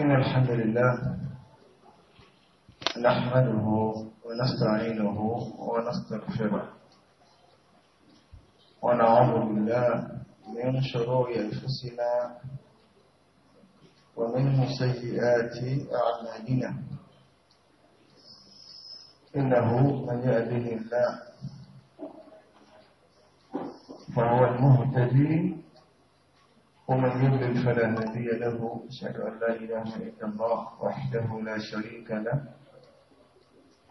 إن الحمد لله نحمده ونستعينه ونستغفره ونعوذ بالله من شرور أنفسنا ومن سيئات أعمالنا إنه من يهده الله فهو المهتدي ومن يضلل فلا هادي له أشهد أن لا إله إلا الله وحده لا شريك له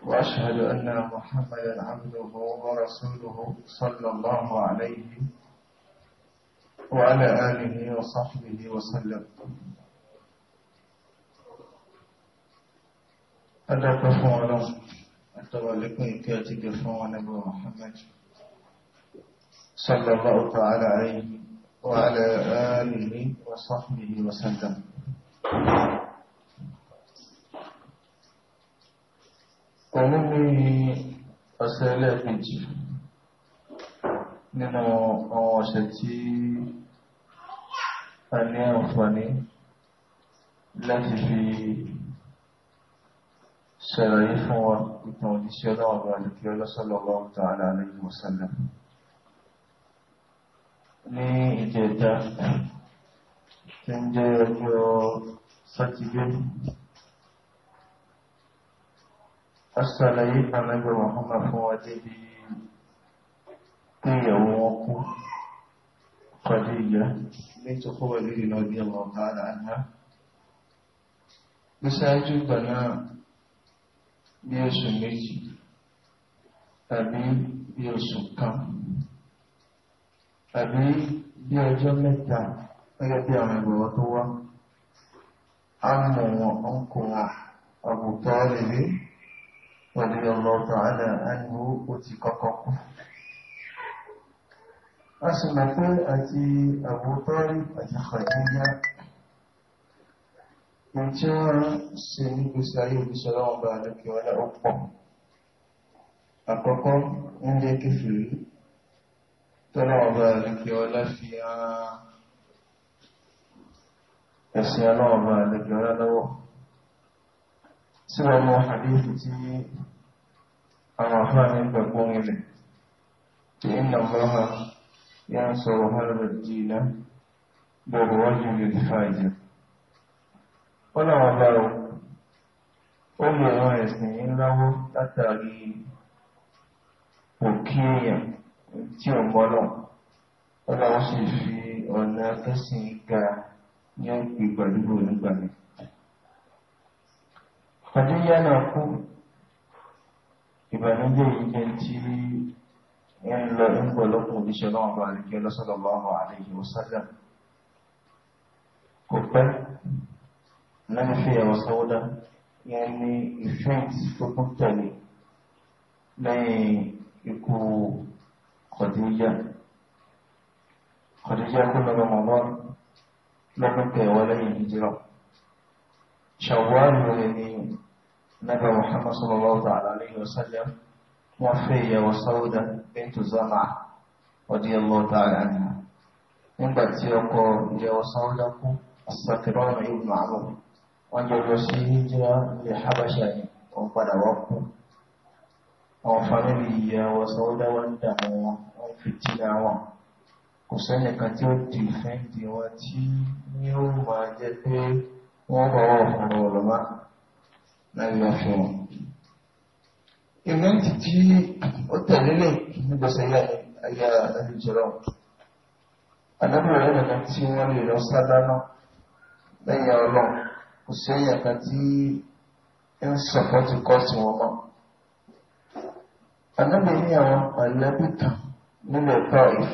وأشهد أن محمدا عبده ورسوله صلى الله عليه وعلى آله وصحبه وسلم أدرك فعلا أتوالك إكاتك فعلا محمد صلى الله تعالى عليه وعلى آله وصحبه وسلم قومي أسألة بنتي نمو أشتي أني أفني لكي في شرائف وإتنوديسيون أبو صلى الله عليه وسلم ní ìjẹta tí ń jẹ́ ọjọ́ sátidé asàlàyé ànágbà Muhammad fún wa débi níyàwó wọn kú Khadija ní tòkówà lórí náà bí ọmọ ọ̀tàrà àná ní sáájú ìgbà náà bí oṣù méjì tàbí bí oṣù kan tàbí bí ọjọ́ mẹ́ta gẹ́gẹ́ bí àwọn ìgbọ̀wọ́ tó wá á mọ̀ wọn ọkọ̀ àbùtọ́ lèlé pẹ̀lú ọlọ́ọ̀tọ̀ alẹ́ àìwò ó ti kọ́kọ́ kú a sì mọ̀ pé àti àbùtọ́ àti Khadija ohun tí wọ́n ṣe ní gbèsè ayé òbíṣẹ́ lọ́wọ́ bá lókè ọlá ó pọ̀ àkọ́kọ́ ń jẹ́ kéfèé tọ́lọ̀ ọba àlẹ́kẹ́ ọlá fi ara ẹ̀sìn ọlọ́ọba àlẹ́kẹ́ ọlá lọ́wọ́ tí wọ́n mọ́ hadithi tí àwọn afẹ́ ní gbẹ̀gbọ́n ilẹ̀ tí iná mọ́ha ya ń sọ̀rọ̀ harvard dina bọ̀rọ̀ wájú lè fàájì ọlọ́ọba ó mú àwọn ẹ̀sìn òkè èèyàn tí ò mọ́nà ọlọ́run sì fi ọ̀nà tó sì ga ní òpin pẹ̀lú onígbà mi. Fàdíyà náà kú ìbànújẹ́ yìí jẹ́ tí ń lọ ń bọ̀ lọ́kùn oníṣẹ́ náà bá rí kí ọlọ́sọ̀rọ̀ bá wà àlejò sálẹ̀. Kò pẹ́ lẹ́nu fi ẹ̀rọ sọ́wọ́dá yẹn ní ìfẹ́ǹtì tó kún tẹ̀lé lẹ́yìn ikú خديجة خديجة كل رمضان لمكة ولا هجرة شوال ولني نبى محمد صلى الله تعالى عليه وسلم وفي وسودة بنت زمعة رضي الله تعالى عنها nígbà tí ọkọ ìyàwó sáwọ́dá kú asàkìrọ́nà ibùn àmọ́ wọ́n jẹ́ lọ sí hijira ilẹ̀ habasha ni wọ́n padà wọ́n fìtìnà wọn kò sẹ́yìn kan tí ó di fẹ́ǹdì wọn tí ní ó máa jẹ́ pé wọ́n bá wọ́n fún ọlọ́mà láyé ọ̀fẹ́ wọn ìmẹ́ntì tí ó tẹ̀lélẹ̀ nígbàsẹ̀ yà ayà àdìjọ́rọ̀ adábòrò ẹ̀rọ tí wọ́n lè lọ sádáná lẹ́yìn ọlọ́run kò sẹ́yìn kan tí ń sọ̀pọ̀ ti kọ́ sí wọn mọ́ adábòrò ní àwọn pàlẹ́bìtàn nílẹ̀ tọ́ìf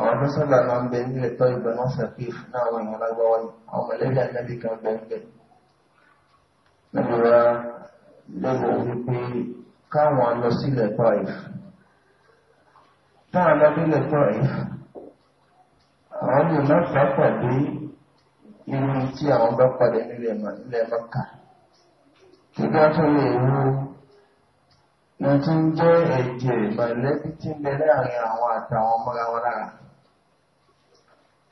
àwọn tó sábà máa ń bẹ nílẹ̀ tọ́ìf bẹ wọ́n sàkíf láwọn èèyàn lágbáwá yìí àwọn mọ̀lẹ́bí àgbẹ̀bí kan bẹ ń bẹ níbi wa lẹ́wọ̀ wípé káwọn lọ sílẹ̀ tọ́ìf táwọn lọ sílẹ̀ tọ́ìf àwọn lè má fà pàdé irú tí àwọn bá padà nílẹ̀ mọ̀ká tí wọ́n tún lè wú ní ti ń jẹ́ ẹ̀jẹ̀ mọ̀lẹ́bí tí ń bẹ láàrin àwọn àtàwọn ọmọra wọn lára.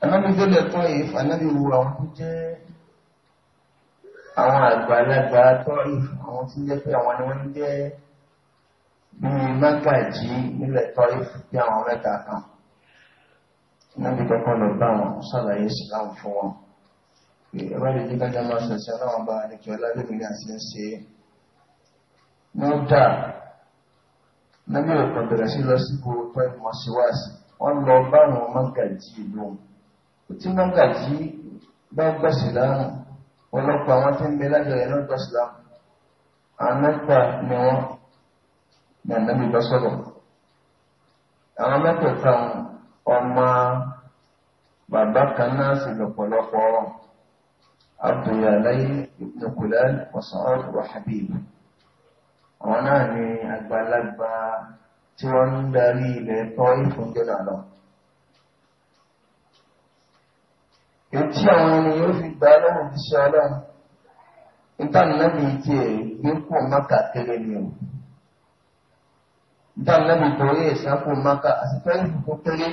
Anábì Bẹ́lẹ̀ kọ́ ìf, anábì wo àwọn tó jẹ́ àwọn àgbàlagbà tọ́ ìf, àwọn tí ń jẹ́ pé àwọn ni wọ́n ń jẹ́ bíi mágàjí nílẹ̀ tọ́ ìf bí àwọn mẹ́ta kan. Anábì kọ́kọ́ lọ bá wọn sàlàyé ìsìlámù fún wọn. Ìrọ̀lẹ́ ìdíkájá máa ṣẹ̀ṣẹ̀ ọlọ́run bá àdìkẹ́ ọlá lómìnira sí lẹ́yìn ọ̀pọ̀ bẹ̀rẹ̀ sí lọ sí gbogbo ẹ̀mọ́ síwáàsì wọ́n lọ báwọn mọ́gàjì ìlú tí mọ́gàjì bá gbẹ̀sì láàrùn ọlọ́pàá wọn tí ń bẹ lájọ ẹ̀rọ gbẹ̀sì láàrùn àmẹ́ta ni wọ́n ní ànábì bá sọ̀rọ̀ àwọn mẹ́tẹ̀ẹ̀ta ọmọ bàbá kan náà sì lọ́pọ̀lọpọ̀ Abdullahi ibn Kulal wa Sa'ad wa Habib àwọn náà ni àgbàlagbà tí wọ́n ń darí ilẹ̀ tọ́ ìfúnjọ́dà lọ. Ètí àwọn ènìyàn fi gbà lọ́wọ́ ti ṣe ọlọ́run. Ìtànàbí ti ẹ̀ gbé kò mọ́kà kéré ni o. Ìtànàbí kò rí ẹ̀sà kò mọ́kà àti fẹ́ǹsì kò kéré.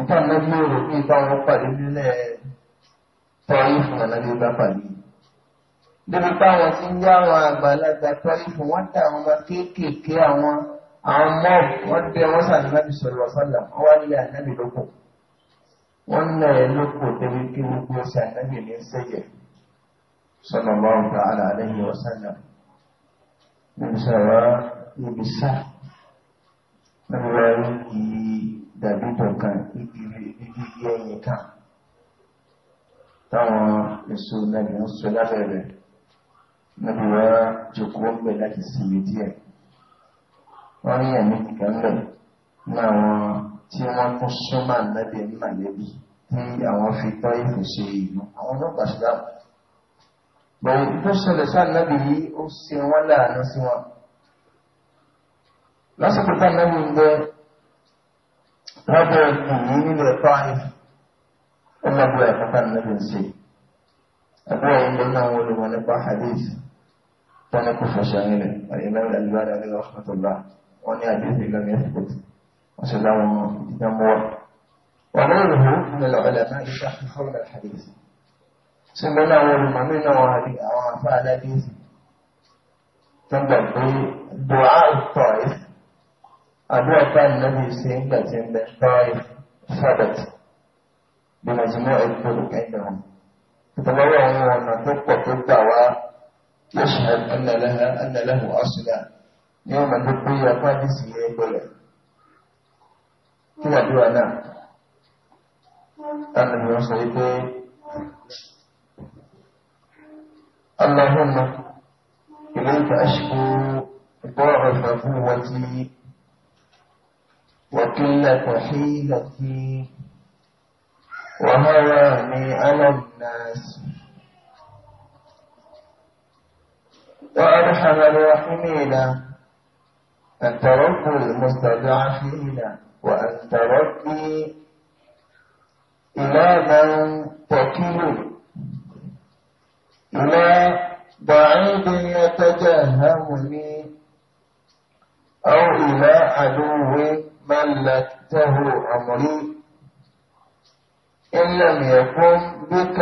Ìtànàbí ò rò pé ìbáwọn pàdé nílẹ̀ tọ́ ìfúnjọ́dà ló bá pàdé yìí débi báwọn ti ń já àwọn àgbàlagbà tọ́lí fún wọ́n dá àwọn ọmọ kéékèèké àwọn àwọn mọ́ọ̀bù wọ́n dé wọ́n sàn nábì sọ̀rọ̀ sọ́là wọ́n wá nílé ànábì lóko wọ́n nà ẹ́ lóko débi kí gbogbo ṣe ànábì ní sẹ́yẹ̀ sọ̀nà báwọn bá ara àlẹ́yìn ọ̀sánà níbi sọ̀rọ̀ níbi sá níbi wọ́n rí igi dàbí tọ̀kan igi ẹ̀yìn kan táwọn èso nàbì ń sọ lábẹ́ rẹ̀ níbi wọn jókòó ń bẹ láti sinmi díẹ̀ wọn rí ẹ̀mí kan bẹ ní àwọn tí wọn tún súnmọ́ ànábì ní màlẹ́bí tí àwọn fi tọ́ ìfòsè ìlú àwọn ọlọ́pàá ṣùgbọ́n bọ̀wọ̀ tó ṣẹlẹ̀ sáàlẹ́bì yìí ó ṣe wọ́n láàánú sí wọn lásìkò táàlẹ́bì ń bẹ wọ́n bẹ̀rẹ̀ yìí nílẹ̀ tọ́ àìfù ó lọ́gbọ̀ ẹ̀kọ́ táàlẹ́bì ń ṣe yìí أقوم منا ولو نبا حديث تنكو فشاهنة الإمام الألبان عليه رحمة الله وني حديث لم يثبت وسلام يمور ومنه من العلماء شرح حول الحديث سمنا ولما منا وهدي أوافى الحديث تنبغي دعاء الطائف أبو كان النبي سيدنا سيدنا الطائف ثبت بمجموع الطرق عندهم nítorí àwọn ọ̀nà tó pọ̀ tó gbà wá yashhad anna laha anna lahu asla ní ọ̀nà tó pé apá àdìsí yẹn gbọ́lẹ̀ kí wàdúrà náà táwọn ènìyàn sọ wípé اللهم إليك أشكو ضعف قوتي وقلة حيلتي وهواني على الناس وأرحم الراحمين أنت رب المستضعفين وأنت ربي إلى من تكل إلى بعيد يتجهمني أو إلى عدو ملكته أمري إن لم يكن بك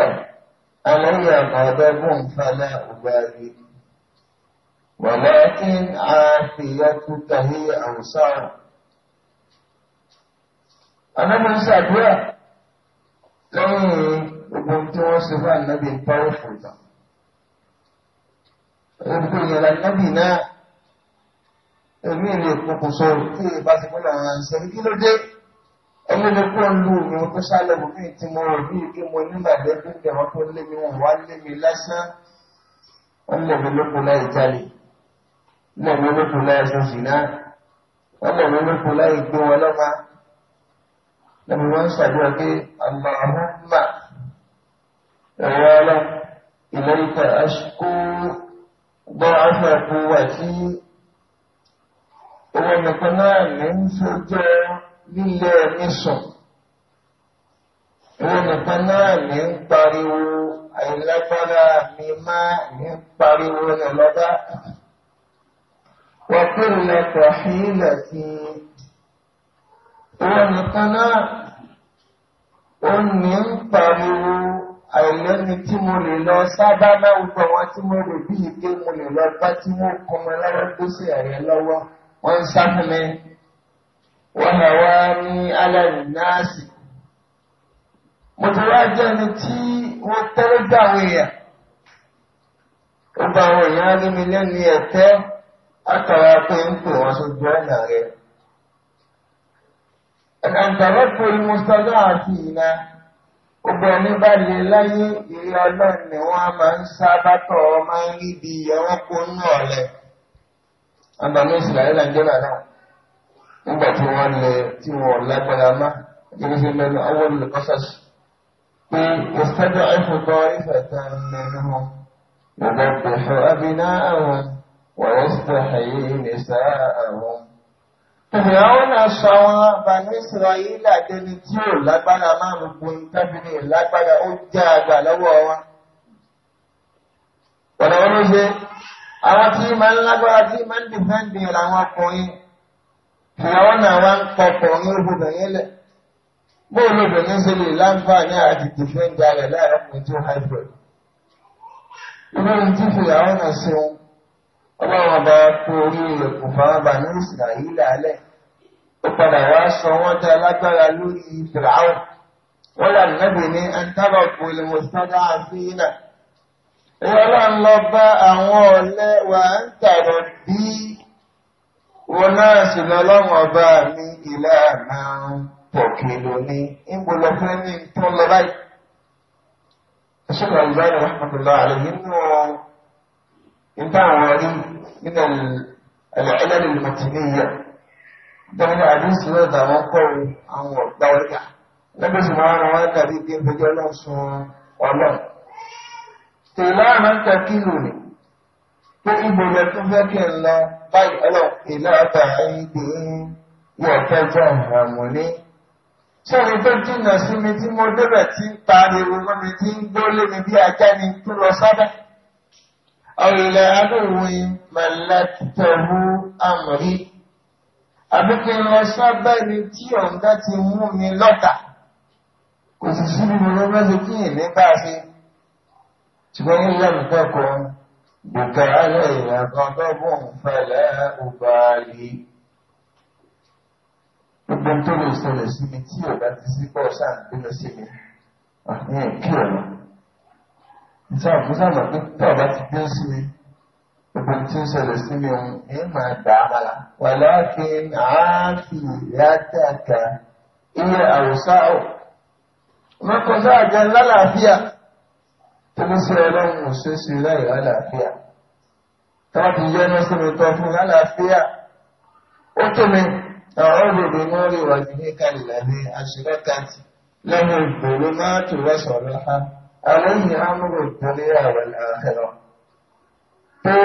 علي غضب فلا أبالي ولكن عافيتك هي أوسع أنا من سأدعى لأني أبنت وصف النبي البرفوضة يقول يا النبي نا èmi lè pokùnso tí ìbá ti pín àwọn àṣẹ kí ló dé ẹni lè kó lu òun tó sálẹ̀ wò bí tí mo rò bí kí mo nígbàgbé tó tẹ̀ wọ́n tó lé mi wọ́n wá lé mi lásán wọ́n lè mi lóko láì jalè lè mi lóko láì sọ̀sìnà wọ́n lè mi lóko láì gbé wọn lọ́mà lẹ́mi wọ́n ṣàdúrà pé àmọ́ mà ẹ̀rọ ọlọ́ ìlẹ́yìntà aṣíkó gbọ́ afẹ́kù àti owó nìkan náà ní í lílé ẹni sùn òun nìkan náà ní ń pariwo àìlágbára mi máa ní ń pariwo rẹ̀ lọ́dá wọ́n pè lẹ́kọ̀ọ́ sílẹ̀ sí òun nìkan náà ó ní ń pariwo àìlẹ́ni tí mo lè lọ sábà máa gbọ́ wọn tí mo lè bí ike mo lè lọ bá tí wọ́n kọ́ mi lọ́wọ́ gbèsè ẹ̀rẹ́ lọ́wọ́ wọ́n ń sá fún mi. وهواني على الناس متواجه نتي والترجعية gbogbo àwọn èèyàn rí mi lẹ́nu ẹ̀tẹ́ àtàrà pé ń pè wọ́n sójú ọ̀nà rẹ̀. ẹ̀kàǹtàrà pé mustapha àti ìná gbogbo ẹni bá lè láyé ìrí ọlọ́run ni wọ́n máa ń sábà tọ̀ máa ń rí bí ẹranko inú ọ̀lẹ́. àbàmì ìsìlẹ̀ ìlànà ìjọba náà nígbà tí wọ́n lẹ tí wọ́n lágbára má gẹ́gẹ́ sí lẹ́nu àwọn olùkọ́sàṣì pé ìsẹ́jọ́ ìfọ̀tọ̀ ìfẹ̀tẹ̀ nínú ìgbàgbẹ̀fẹ̀ abiná àwọn wọ̀rẹ́sítẹ̀ ẹ̀yẹ ìnìṣà àwọn. Ìyàwó náà sọ àwọn Bani Israẹ́lì àdẹni tí ò lágbára máa ń gun tábìlì lágbára ó já àgbà lọ́wọ́ wọn. Ọ̀nà wọn ló ṣe àwọn tí máa lágbára tí máa ń làwọn ọkùnrin àwọn náà wá ń pọpọ̀ ní obìnrin lẹ̀ bóòlù obìnrin ṣe lè láǹfààní àti dìfẹ́ǹdì alẹ̀ láàrin tó hybrid olórin tí fìyàwó náà ṣe ọlọ́run ọba kú orí ní lálẹ́ ó padà wá sọ wọ́n lórí wọ́n là ní àfihàn lọ bá àwọn wà ń tàrọ̀ bíi. wọn náà sì lọ lọ́wọ́ ọba mi ìlànà pọ̀kìlò ní ìgbòlọ́fẹ́ ní tó lọ báyìí. الشيخ الألباني رحمة الله عليه إنه انتهى عليه من العلل المتنية ده من حديث هذا موقع عن دولة النبي سبحانه وتعالى في دين فجعله سبحانه والله تلا من تكيلني فإن بلغت فكر الله báyìí ọlọ́pìn láàbà ìdè wọ̀ fẹ́jọ́ ìrànwọ́ ní. sọ́ni tó jìnnà sí mi tí mo débẹ̀ tí ń pariwo mọ́ mi tí ń gbólé mi bí ajá ni tó lọ sábẹ́. ọ̀rẹ́lẹ̀ adóhùn mẹ́lẹ́tẹ̀wú àmọ̀rí. àbíkẹ́ lọ sábẹ́ ni tí ọ̀ǹda ti mú mi lọ́tà. kò sì síbi mi lọ́wọ́ ṣe kí ìní bá a ṣe. mi kẹ́kọ̀ọ́ بك علي غضب فلا أبالي gbogbo tó lè ṣẹlẹ̀ sí mi tí ò bá ti sí pọ̀ sáà ń bínú sí mi ní ìpí ọ̀nà ìsáàmùsáàmù pé tó ọ̀bá ti bínú sí mi gbogbo tí ó ṣẹlẹ̀ sí mi òun èyí máa dà á mọ́ra wà láàkí àáfì látàkà iye àwòsáà mọ́kànlá àjẹ́ lálàáfíà torí sí ọlọ́run ò ṣe é ṣe láì lálàáfíà tọ́ọ̀bù yẹnu sí mi tọ́ fún lálàáfíà ó tó mi ọ̀rọ̀ òdòdó ní orí ìwádìí ní kàlìlà ní àṣírẹ́kàtì lẹ́nu ìgbòho máa tò lọ́sọ̀rọ̀ ha àwọn èèyàn amúrò ìtòlé àwọn àhẹrọ pé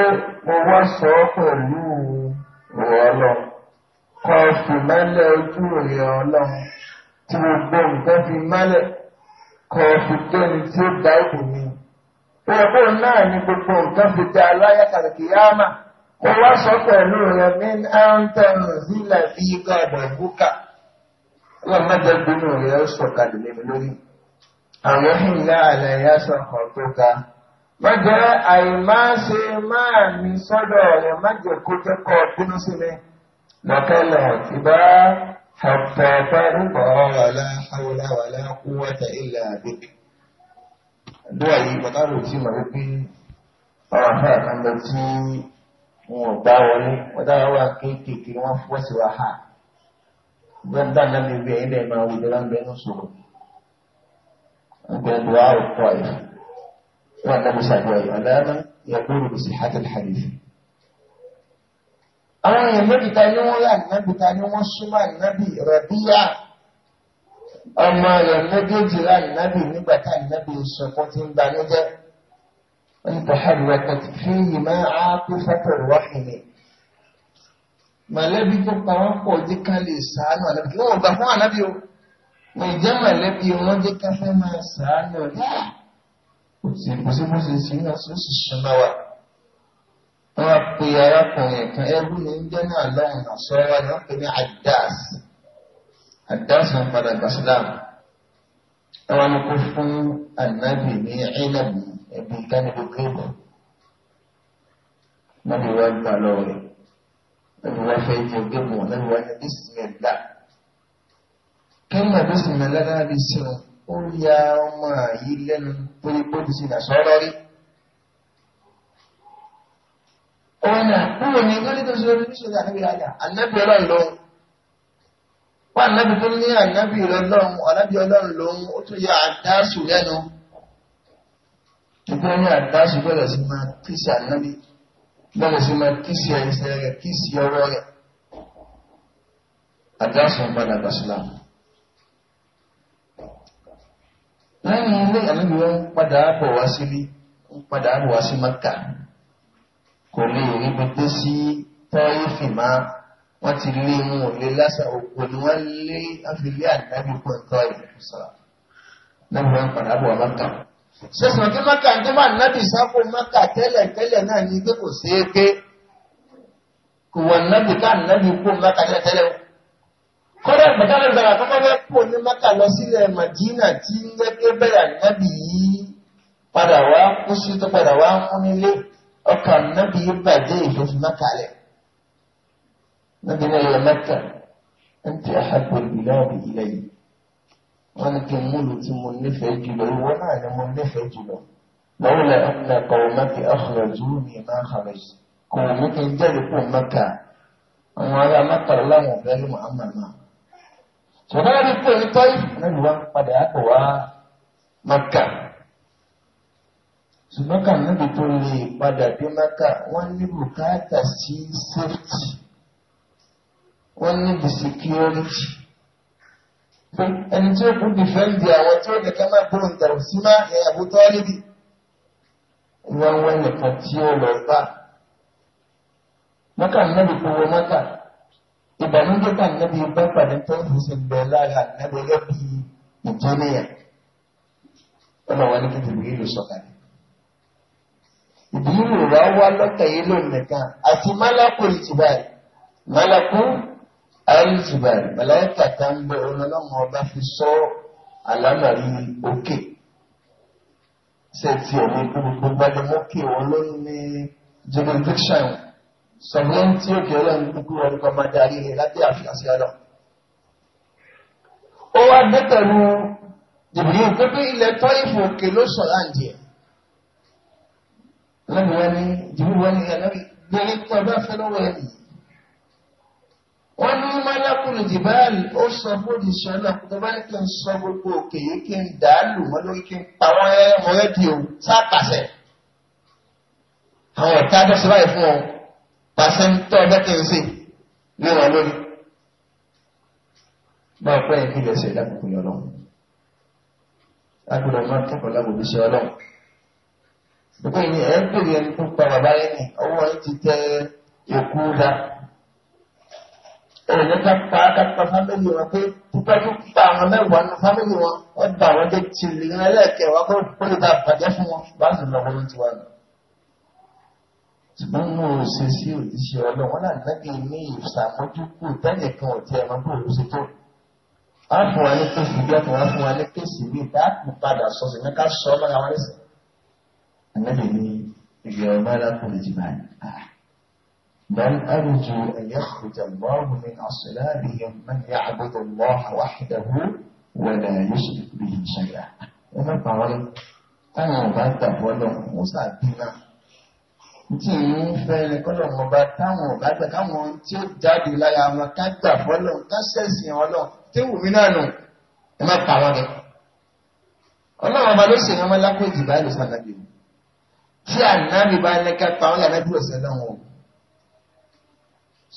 mo wá sọ ọ́ pẹ̀lú ìwọ́lọ́ kọ́ fi mẹ́lẹ̀ ojú òye ọlọ́run tí mo gbọ́ nǹkan fi mẹ́lẹ̀ kọ́ fi jẹ́ni tí ó dá ìbò mi Owó náà ni gbogbo nǹkan fi tẹ aláyàkàlẹ̀ kìyàmà. Mo wá sọ pẹ̀lú rẹ̀ mí áńtẹ̀nù sílẹ̀ fi gàdọ̀ búkà. Ọlọ́mọdé gbinú rẹ̀ ó sọ̀kalẹ̀ lé mi lórí. Àwọn ìlà àlàyé sọ̀kọ̀ tó ga. Wọ́n jẹ́ àìmáṣe máa mi sọ́dọ̀ rẹ̀ má jẹ́ kó kẹ́kọ̀ọ́ bínú sí mi. Lọ́kẹ́lẹ̀ ti bá حتى ترضى ولا حول dúwà yìí pàtàkì tí mọ̀ wípé àwọn afárá kan lọ tí wọn gbá wọlé wọn dára wà kéékèèké wọn fọwọ́ sí wa ha bẹ́ẹ̀ dáná mi bí ẹ̀yin náà máa wù lọ́la ń bẹ ní sọ̀rọ̀ ń bẹ dùn àwọn òkú àyè wọn náà musa dùn àyè ọ̀lànà yẹ kó lù sí hàtàlì hàlìfì. àwọn èèyàn méjì ni wọ́n yà nàbì ni wọ́n súnmọ́ nàbì rẹ̀ bíyà ọmọ rẹ̀ méjèèjì lánàbì nígbà tá ànábì ìṣọ̀kan ti ń banújẹ́ ń tẹ̀hẹ̀rẹ̀ kẹtì fi yìí máa á tó fẹ́fẹ́ rọ́ọ̀hìnì mọ̀lẹ́bí tó pa wọ́n pọ̀ jẹ́ ká lè sàánù ànábì kí wọ́n gbà fún ànábì o wọ́n jẹ́ mọ̀lẹ́bí wọn jẹ́ ká máa sàánù rẹ̀ kò sí kò sí bó ṣe sì ṣe máa wà pe arákùnrin kan ẹrú ní ń jẹ́ náà lọ́hùn-ún sọ́wọ́ ni wọ́n pe ní adáàsì àdáṣà padà bàṣílámù àwọn ọmọkú fún ànábì ní ẹ̀nàbì ẹ̀bí kánibó kébọ̀ lọ́dún wá gbà lọ́wọ́ rẹ̀ lọ́dún wá fẹ́ jẹ gbẹ̀mọ̀ lọ́dún wá ní bísímẹ̀lá kẹ́mà bísímẹ̀lá náà bí sí wọn ó ya ọmọ yìí lẹ́nu torí bóbi sí nà sọ́rọ́ rí ọ̀nà kúrò ní wá ànábì tó ní ànábì ọlọ́run ànábì ọlọ́run lòun ó tún yọ àdásù lẹ́nu ìpínlẹ̀ ní àdásù bẹ̀rẹ̀ sí máa kíṣì ànábì bẹ̀rẹ̀ sí máa kíṣì ẹ̀ṣẹ̀ rẹ̀ kíṣì ọwọ́ rẹ̀ àdásù ń padà gbàsílà lẹ́yìn ilé ànábì wọn padà bọ̀ wá sí rí ń padà bọ̀ wá sí Mákà kò lè rí gbogbo sí tọ́ífì máa wọ́n ti lé wọn ò lé lásán òkú ni wọ́n lé afilé àdábì kó ẹ̀tọ́ ìlú sọ̀rọ̀ lẹ́nu wọn padà bọ̀ mọ́kà. sọ̀sọ̀ kí mọ́kà ń tẹ́wọ́ ànábì sáfò mọ́kà tẹ́lẹ̀ tẹ́lẹ̀ náà ní pé kò sí eke kò wọ ànábì ká ànábì kó mọ́kà tẹ́lẹ̀ tẹ́lẹ̀ o. kọ́dà ìgbàdá lè bẹ̀rẹ̀ àkọ́kọ́ fẹ́ kó ní mọ́kà lọ sílẹ̀ Màdínà tí ń gẹ́gẹ́ bẹ̀rẹ̀ ànábì yìí padà wá kó tó padà wá mú nílé ọkàn ànábì yìí bàjẹ́ ìlú fi mọ́kà lẹ̀. نبينا يا مكة أنت أحب البلاد إلي وأنا كملت منفع جلو وأنا منفع جلو لولا أن قومك أخرجوني ما خرج قومك انجلكوا مكة وعلى مكة الله وفعلهم أماما ṣùgbọ́n ní pé ní tọ́yì lẹ́nu wa padà àpò wá maka ṣùgbọ́n kà níbi tó lè padà dé maka wọ́n ní wọ́n ní the security ẹni tí ó kún dìfẹ́ǹdì àwọn tí ó nìkan máa gbóhùn dàrú sí máa ẹ̀ àbútọ́ níbi wọ́n wọ́n nìkan tí ó lọ bá mọ́kà nẹ́bí kò wọ mọ́kà ìbànújẹ́ kà nẹ́bí bá pàdé tó ń fi bẹ̀ lára nẹ́bí gẹ́gẹ́ bí ìtọ́nìyà ọlọ́ wọn ní kí tèmi yìí ló sọ̀kalẹ̀ ìdílé rẹ̀ wá lọ́kà yìí lónìí kan àti málákùn ìtìbáyì málákùn alzubari mẹlẹ́kà tá ń bẹ ọlọ́lọ́wọ́n ọba fi sọ àlámàrí òkè sẹ́ẹ̀tì ọ̀hún gbogbo gbadamókè ọlọ́run ní jurisdiction sọ̀rọ̀ tí ó kẹ́ ọlọ́run gbogbo ọdún máa darí rẹ̀ lábẹ́ àfihàn sí ọlọ́run. ó wá dé pẹ̀lú jìbìrì pé ilẹ̀ tọ́ ìfò òkè ló sọ̀ láǹdì ẹ̀. lẹ́nu wọn ni jìbìrì wọn ni ẹ̀ lórí gbé ẹni ọba fẹ́ lọ́wọ́ ẹ̀ nìyí wọ́n ní mọ́lákùnrin jìbáàlì ó sọ bóde sọ náà tó bá ní kí n sọ gbogbo òkè yìí kí n dà á lù wọ́n lórí kí n pa wọ́n ẹ̀rọ rédíò sápàṣẹ. àwọn ọ̀tá dọ́sí báyìí fún ọ pàṣẹ ń tọ́ ọ̀dọ́ kí n sè ní wọn lórí. báwo pé ẹ̀kí lè ṣe ìdákùnkùn ní ọlọ́run. agbọ̀dọ̀ máa kẹ́kọ̀ọ́ lábòbí ṣe ọlọ́run. gbogbo ìyẹn ẹ̀ ń pè òun ká pa kápá fámìlì wọn pé pípẹ́jú pa àwọn mẹ́wàá nínú fámìlì wọn wọ́n bá wọn dé tìrì ní ẹlẹ́ẹ̀kẹwàá kó ó lè bá bàjẹ́ fún wọn bá nù lọ́wọ́ ló ti wà nù. ṣùgbọ́n mo ò ṣe sí òjíṣẹ́ ọlọ́wọ́n náà nẹ́bí ní ìṣàmójúkù tẹ́lẹ̀ kan ò tiẹ̀ mọ́ bó o ṣe tó. wọ́n fún wa ní kéèsì bí ọkàn wọ́n fún wa ní kéèsì bí dáàbò padà sọ sí بل أرجو أن يخرج الله من أصلابهم من يعبد الله وحده ولا يشرك به شيئا أنا قال أنا بعد أقول موسى دينا tí ń fẹ́ ni kọ́lọ̀ mọ̀ bá táwọn ọ̀gá gbà káwọn tí ó jáde láyà wọn ká gbà fọ́lọ̀ ká ṣẹ̀sìn ọlọ́ tí wù mí náà nù ẹ má pa wọn ni. ọlọ́run ọba ló ṣèyàn ọmọ lápò ìdìbò àìlùsàn nàbì tí ànábì bá ní pa wọn lànà bí òṣèlú ọ̀hún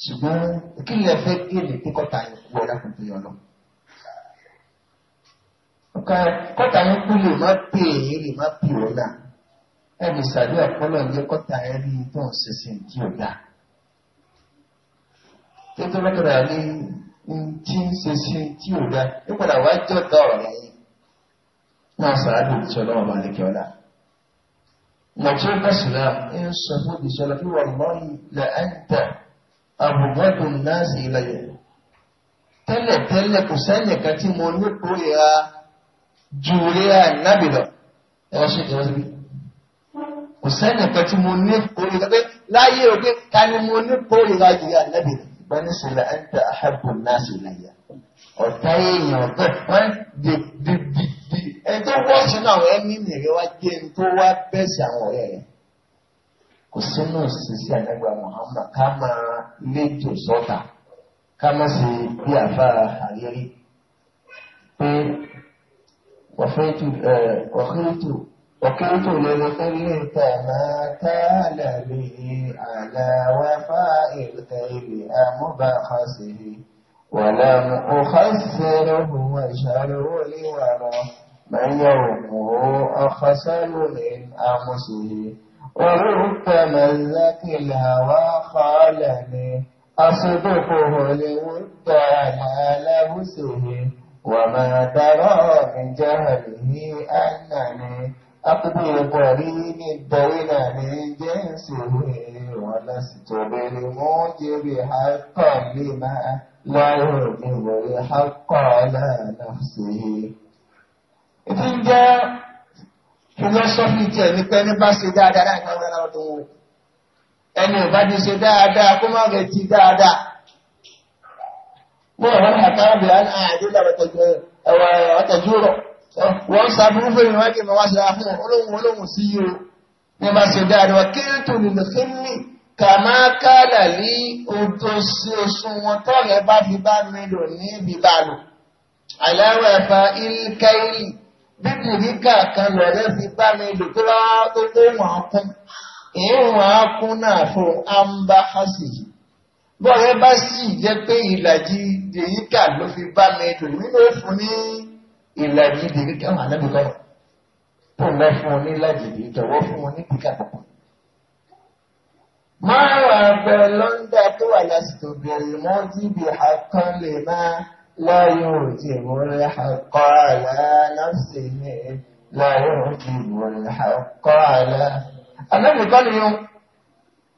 ṣùgbọ́n kí lè fẹ́ kéde pé kọ́ta yẹn wọ ẹ̀dàkùn tó yọ lọ. kọ́ta yẹn kú lè má pè é lè má pè ó dà ẹnì sàdé ọ̀pọ̀lọ̀ yẹ kọ́ta yẹn rí tó ń ṣẹṣẹ tí ò dà. tó tó lọ́kọ̀dà ní tí ń ṣẹṣẹ tí ò dà ó padà wá jọ dá ọ̀rẹ́ yẹn náà sàádù ìṣọ̀lọ́ ọ̀bà lẹ́kẹ̀ ọ̀la. Mọ̀tí ó bá sùn náà ń sọ fún ìṣọ̀lọ́ àbùgbọ́dùn náà sì ilẹ̀ tẹ́lẹ̀tẹ́lẹ̀ kò sẹ́nìkan tí mo ní kórìíra ju ríra nábì lọ ẹ̀rọ ṣe ìjọba síbi kò sẹ́nìkan tí mo ní kórìíra pé láyé òde ká ni mo ní kórìíra ju ríra nábì lọ bani sila anta ahabu nasi laya ọ̀tá èèyàn ọ̀tá wọn di di di ẹni tó wọ́ọ̀sì náà ẹni nìyẹn wá jẹ́ ẹni tó wá bẹ́sì àwọn ọ̀rẹ́ rẹ̀ kò sínú ìṣesí àdágbà Muhammad ká máa léjò sọ́tà ká má ṣe bí àfáà àrírí pé وقلت للخليط ما كان لي على وفاء الخير أمبخسه ولم أخسره وشر لورى من يومه أخسر من أمسه وربما ذاك الهوى خالني أصدقه لود على لبسه وما ترى من جهله أنني أقضي قرين الدين من جنسه ولست بالموجب حقا لما لا يوجب حقا على نفسه philosophy tiẹ̀ ní pé ní bá ṣe dáadáa láì máa ń rẹ́ra ọdún wọn ẹni ò bá ti ṣe dáadáa kó má rẹ̀ ti dáadáa. mo rọ̀ wọ́n àtàwọn obìnrin náà àdúrà ọ̀tẹ̀jú rọ̀ wọ́n ń sàbúrú fún ìrìnwá kí n wá ṣe àfihàn olóhùn olóhùn sí yìí o ní bá ṣe dáadáa kí n tún lè fi mí kàmá kálà ní odò sí òṣùwọ̀n tọ́rẹ̀ bá fi bá mi lò ní ibi bá lò. àlẹ́ bíbí ní kàkan lọ́rẹ́ fi bá mi lò tó lọ́wọ́ tó lé wọn kún ìhùn àákún náà fún àmbá fásitì bọ́ọ̀rẹ́ bá sì jẹ́ pé ìlàjì dèríkà ló fi bá mi lò nínú òfin ní ìlàjì dèríkà wà lẹ́bùkọ́ yẹn tó lọ fún un ní ìlàjì dèríkà fún un ní dèríkà pọ̀pọ̀. márùn-ún àgbẹ̀ lọ́ńdà tó wà lásìkò bẹ̀rẹ̀ mọ́ jíbi àkànlè máa. لا يوجب الحق على نفسه لا يوجب الحق على النبي قال يوم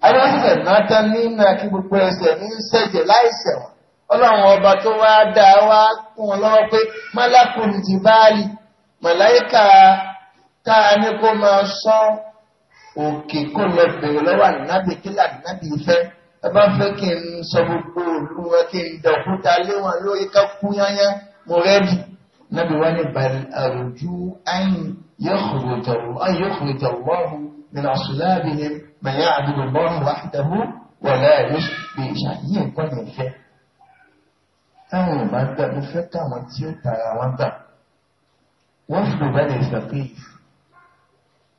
àwọn ẹsẹ̀ náà tán nínú kí gbogbo ẹsẹ̀ ní ṣẹ̀jẹ̀ láìsẹ̀ wọn ọlọ́run ọba tó wá dá wá kún un lọ́wọ́ pé málákùn ti báàlì màláìka ẹ bá fẹ́ kí n sọ gbogbo òlu wọn kí n dọ̀kúta lé wọn lórí ká kú yányá mo rẹ́dì nàbí wọn ní bàlẹ̀ àròjú àyìn yọ̀kùrọ̀jọ̀ lọ́hùn nínú àṣùlá àbíní mẹ̀yà àdúgbò lọ́hùn wàhídàmú wọ̀lá ẹ̀rí pé ìṣàyẹ̀ nǹkan yẹn fẹ́. táwọn ò bá gbà mo fẹ́ káwọn tí ó tara wọn gbà wọ́n fi lò bá lè sọ pé ìfẹ́.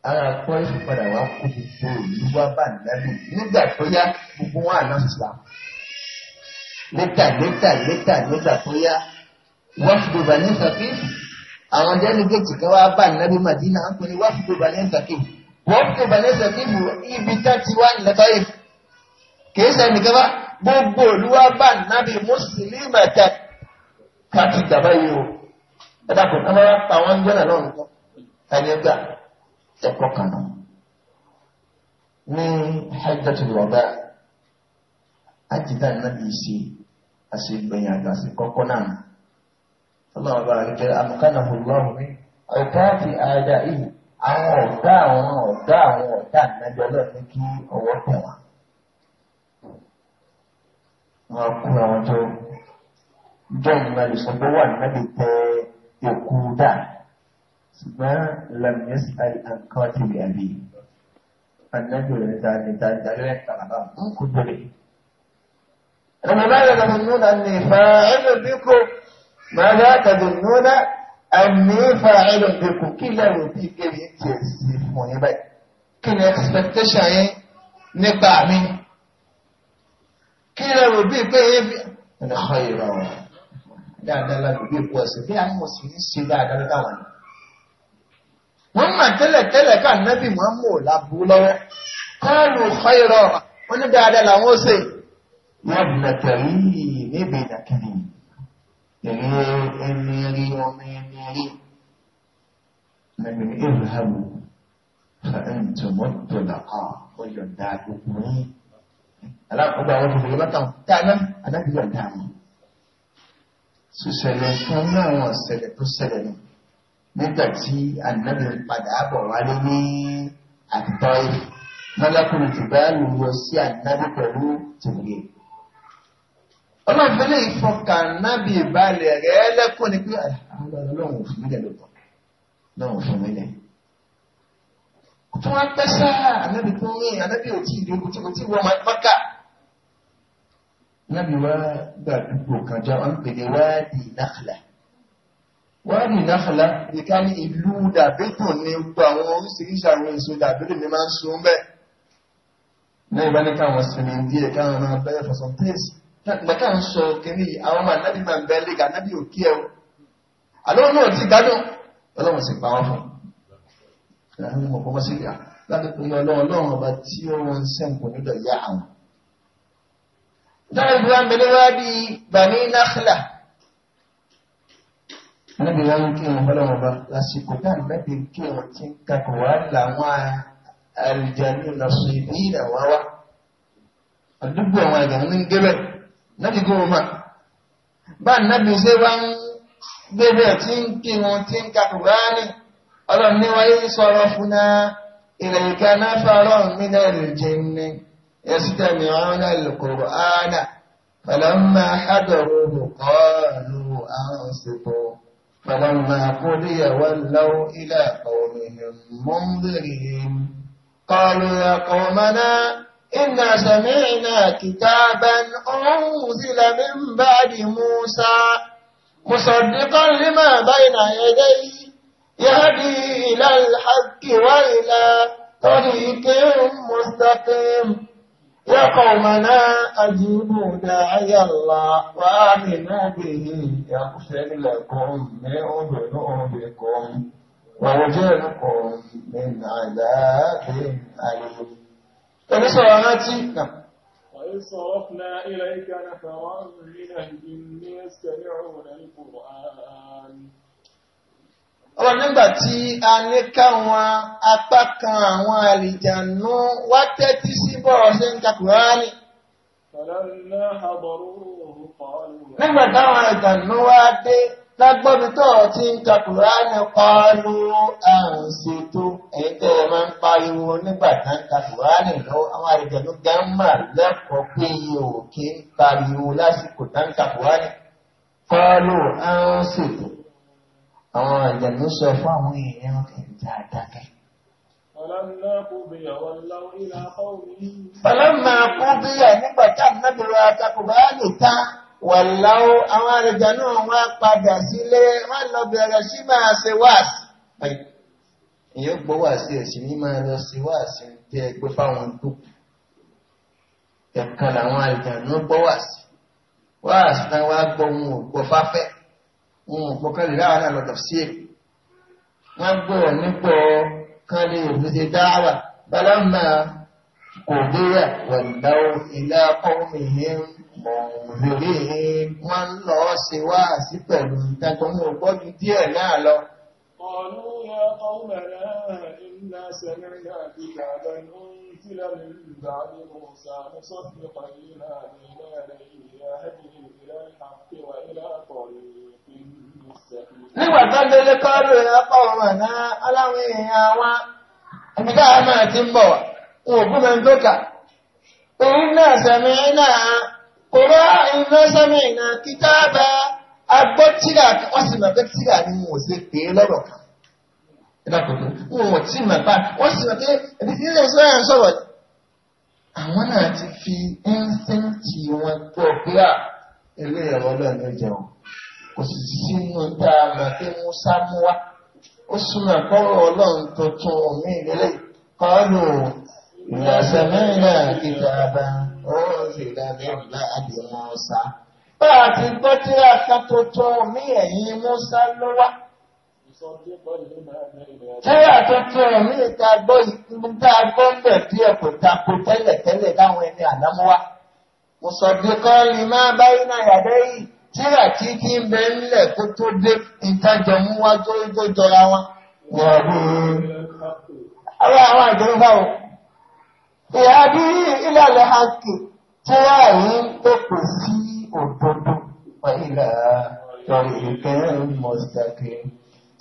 ara kọ́ ẹ̀sùn padà wá kó gbogbo ìlú wá bá nàbì nígbà tó yá gbogbo wọn àná sílá létà létà létà létà tó yá wáfùdù bàní sàkíyèsí àwọn dẹ́nigéètì kan wá bá nàbì màdínà ń pè ní wáfùdù bàní sàkíyèsí wọ́pùtò bàlẹ́sẹ̀ fíìmù ibi tẹ́tí wá nílẹ̀ táyé kìí sẹ́ni kẹfà gbogbo olúwa bá nábì mùsùlùmí ẹ̀tẹ́ káàkiri dàbá yìí o ẹ̀dá kò kámẹ́rà táwọn ń gbẹ́nà náà nǹkan ẹ̀yẹ ẹ̀kọ́ kan náà ní hajjatul wada àjìdá nàbí ṣe àṣegbẹ̀yìn àgbàṣe kọ́kọ́ náà ọlọ́run bá rẹ̀ jẹ́ amukanahu lọ́rùn mi ọ̀tá àti àdá yìí àwọn ọ̀gá àwọn ọ̀gá àwọn ọ̀gá nàbí ọlọ́run ní kí ọwọ́ tẹ̀ wọ́n. wọ́n kú àwọn tó jẹ́ ìmọ̀lẹ́sọ̀gbọ́n wà nàbí tẹ òkú dáa. ما لم يسأل عن قاتل أبيه فالنبي لم يسأل عن قاتل أبيه أما ماذا تظنون أني فاعل بكم ماذا تظنون أني فاعل بكم كلا وديك يتسيف مهمة كلا يكسبتش عين نقع مني كلا وديك يتسيف أنا خير أولا لا لا لا بيبوسي في يعني عين وسيني السيدة على الدولة wọ́n mà tẹ́lẹ̀tẹ́lẹ̀ ká nẹ́bì mọ́ mò lábú lọ́wọ́ kọ́ọ̀lù fẹ́rọ onídáadáa làwọn ó sè yàbùnàtàrí níbi ìdàkìlì ẹni ẹni rí ọmọ ẹni rí lẹ́gbẹ̀ẹ́ ìrìnàmù fẹ́ẹ̀ntùmọ́ tó làkọ́ ọyọ̀dà gbogbo yìí alákọ̀ọ́gbà wọn fòfòrò látàn tààlà adágbìyànjá mi ṣùṣẹ̀lẹ̀ fún náà wọn ṣẹlẹ̀ tó ṣẹlẹ̀ náà nígbàtí ànábì padà bọ̀ wálé ní àtìtọ́yì mọ́lákùnrin jùbẹ́ẹ̀lù yọ sí ànábì pẹ̀lú tìbìrì. ọlọ́ọ̀fẹ́ lè fọkà nábì balẹ̀ rẹ̀ lẹ́kùn ni pé ọlọ́run òfin mi lẹ̀ lọ́pọ̀ lọ́run òfin mi lẹ̀. tó wá pẹ́ sá ànábì tó rìn ànábì ò tí ì lè kùtì kùtì wọ́n máa fọ́kà. nábì wá gbàdúgbò kan jọ ọ́n pè ní wáàdì náà wọ́n rí náàlá nìkan ní ìlú dàbídùn ní gbogbo àwọn oríṣiríṣi àwọn èso dàbídùn ní máa ń sun bẹ́ẹ̀ náà ìbá ní káwọn sinmi díẹ̀ káwọn máa bẹ́ẹ̀ for some days nàkà ń sọ kìíní àwọn ọmọ anábì máa ń bẹ́ẹ̀ lé kànábì òkè ẹ̀ o àlọ́ náà ti gbádùn ọlọ́run sì pa wọ́n fún un ọmọ ọmọ sí ìyá láti pè ní ọlọ́run ọlọ́run ọba tí ó ń sẹ́ǹkù níbi wọn ń kírun fọlọ́wọ́ bá lásìkò tá níbi kírun tí ń kakọ̀ wá làwọn àlùjànnú lọ́sọ ìbí ìdàwọ́ wa àdúgbò àwọn àjànú ń débẹ̀ nábì gbọ́n mà bá nábì ṣe wá ń gbébẹ̀ tí ń kírun tí ń kakọ̀ wá ní ọlọ́run ní wáyé sọ̀rọ̀ fúnná ilẹ̀ ìka náà fọ́ọ̀rọ̀ mi náà lè jẹ́ ní يستمعون القرآن فلما حضروه قالوا أنصتوا فلما قضي ولوا إلى قومهم منذرين قالوا يا قومنا إنا سمعنا كتابا أنزل من بعد موسى مصدقا لما بين يديه يهدي إلى الحق وإلى طريق مستقيم يا قومنا أجيبوا داعي الله وآمنوا به يغفر لكم من ذنوبكم ويجركم من عذاب أليم. وإن صرفنا إليك نفرا من الجن يستمعون القرآن ọba nígbà tí a ní káwọn apá kan àwọn àlìjànú wá tẹ́tí sí bọ́rọ̀ ṣe ń ka Kùránì. nígbà táwọn àlìjànú wá dé lágbọ́dún tó ti ń ka Kùránì pariwo àrùn ṣètò ẹ̀yìn tẹ́ ẹ máa ń pariwo nígbà tá ń ka Kùránì lọ àwọn àlìjànú gánmà lẹ́kọ̀ọ́ pé iye òkè ń pariwo lásìkò tá ń ka Kùránì pariwo àrùn ṣètò àwọn àjẹ̀lú sọ fún àwọn èèyàn ìjà àdákẹ́. Fọlọ́mà kú bí ẹ̀ nígbà tá ànábìrò àtakò bá lè ta wàláwó àwọn àrẹ̀jà náà wá padà sílé wọ́n lọ bẹ̀rẹ̀ sí máa ṣe wáàsì. Ìyẹn gbọ́ wáàsì ẹ̀ sí ní máa lọ sí wáàsì tí ẹ gbé fáwọn tó kù. làwọn àrẹ̀jà náà gbọ́ wáàsì. Wáàsì náà wá gbọ́ ohun ògbọ́ fáfẹ́ wọn pọ̀kan lè láàrin àlọ́ tafsir wọ́n gbọ́rọ̀ nípọ̀ kan lè rúdé dáwà balamma kò déyà wọ̀lọ́ ilá kọ́mìnrin mọ̀ọ́rẹ́rẹ́ wọ́n lọ ṣe wá sí pẹ̀lú ìdájọ́ ní ọgbọ́jú díẹ̀ náà lọ. قالوا يا قومنا إنا سمعنا كتابا أنزل ndị الذي موسى مصدقا لما بين يديه يهدي إلى الحق وإلى طريق nígbà tó délé náà aláwọn èèyàn wa ẹni káà ń bọ̀ tó kà òun náà náà kò bá iná sẹ́mi náà kíkà bá agbó tíra tíra wọn ò tí mà bá wọ́n sì mọ̀ pé ẹbí tí ilé ìṣẹ́ yẹn sọ̀rọ̀ àwọn náà ti fi ẹ́ńsẹ́ǹtì wọn gbọ́ pé à ilé ẹ̀rọ náà ló jẹun kò sì sínú tá a mọ̀ pé Musa mú wa ó súnmọ́ àkọ́rọ̀ ọlọ́run tuntun omi ìrẹ́lẹ̀ kọ́ọ̀lù ìrẹsẹ̀ mẹ́rin náà kìtàbà ó sì dábẹ́ ọ̀la àdìmọ́ ọ̀sà. bá a ti gbọ́ tí a kan tuntun omi ẹ̀yìn Musa ló wá. Tẹ́lá tó mí ta gbọ́ ìpínlẹ̀ gbọ́ ń tẹ́lẹ̀tẹ́lẹ̀ táwọn ẹni àdámọ́ wa. Mùsọ̀dé kọ́ ni máa báyìí náà yàdá yìí. Tẹ́lá tí kí ń bẹ ńlẹ̀ kó tó dé ìtajà mú wá tó tó jọra wọn. àwọn àjọyọ̀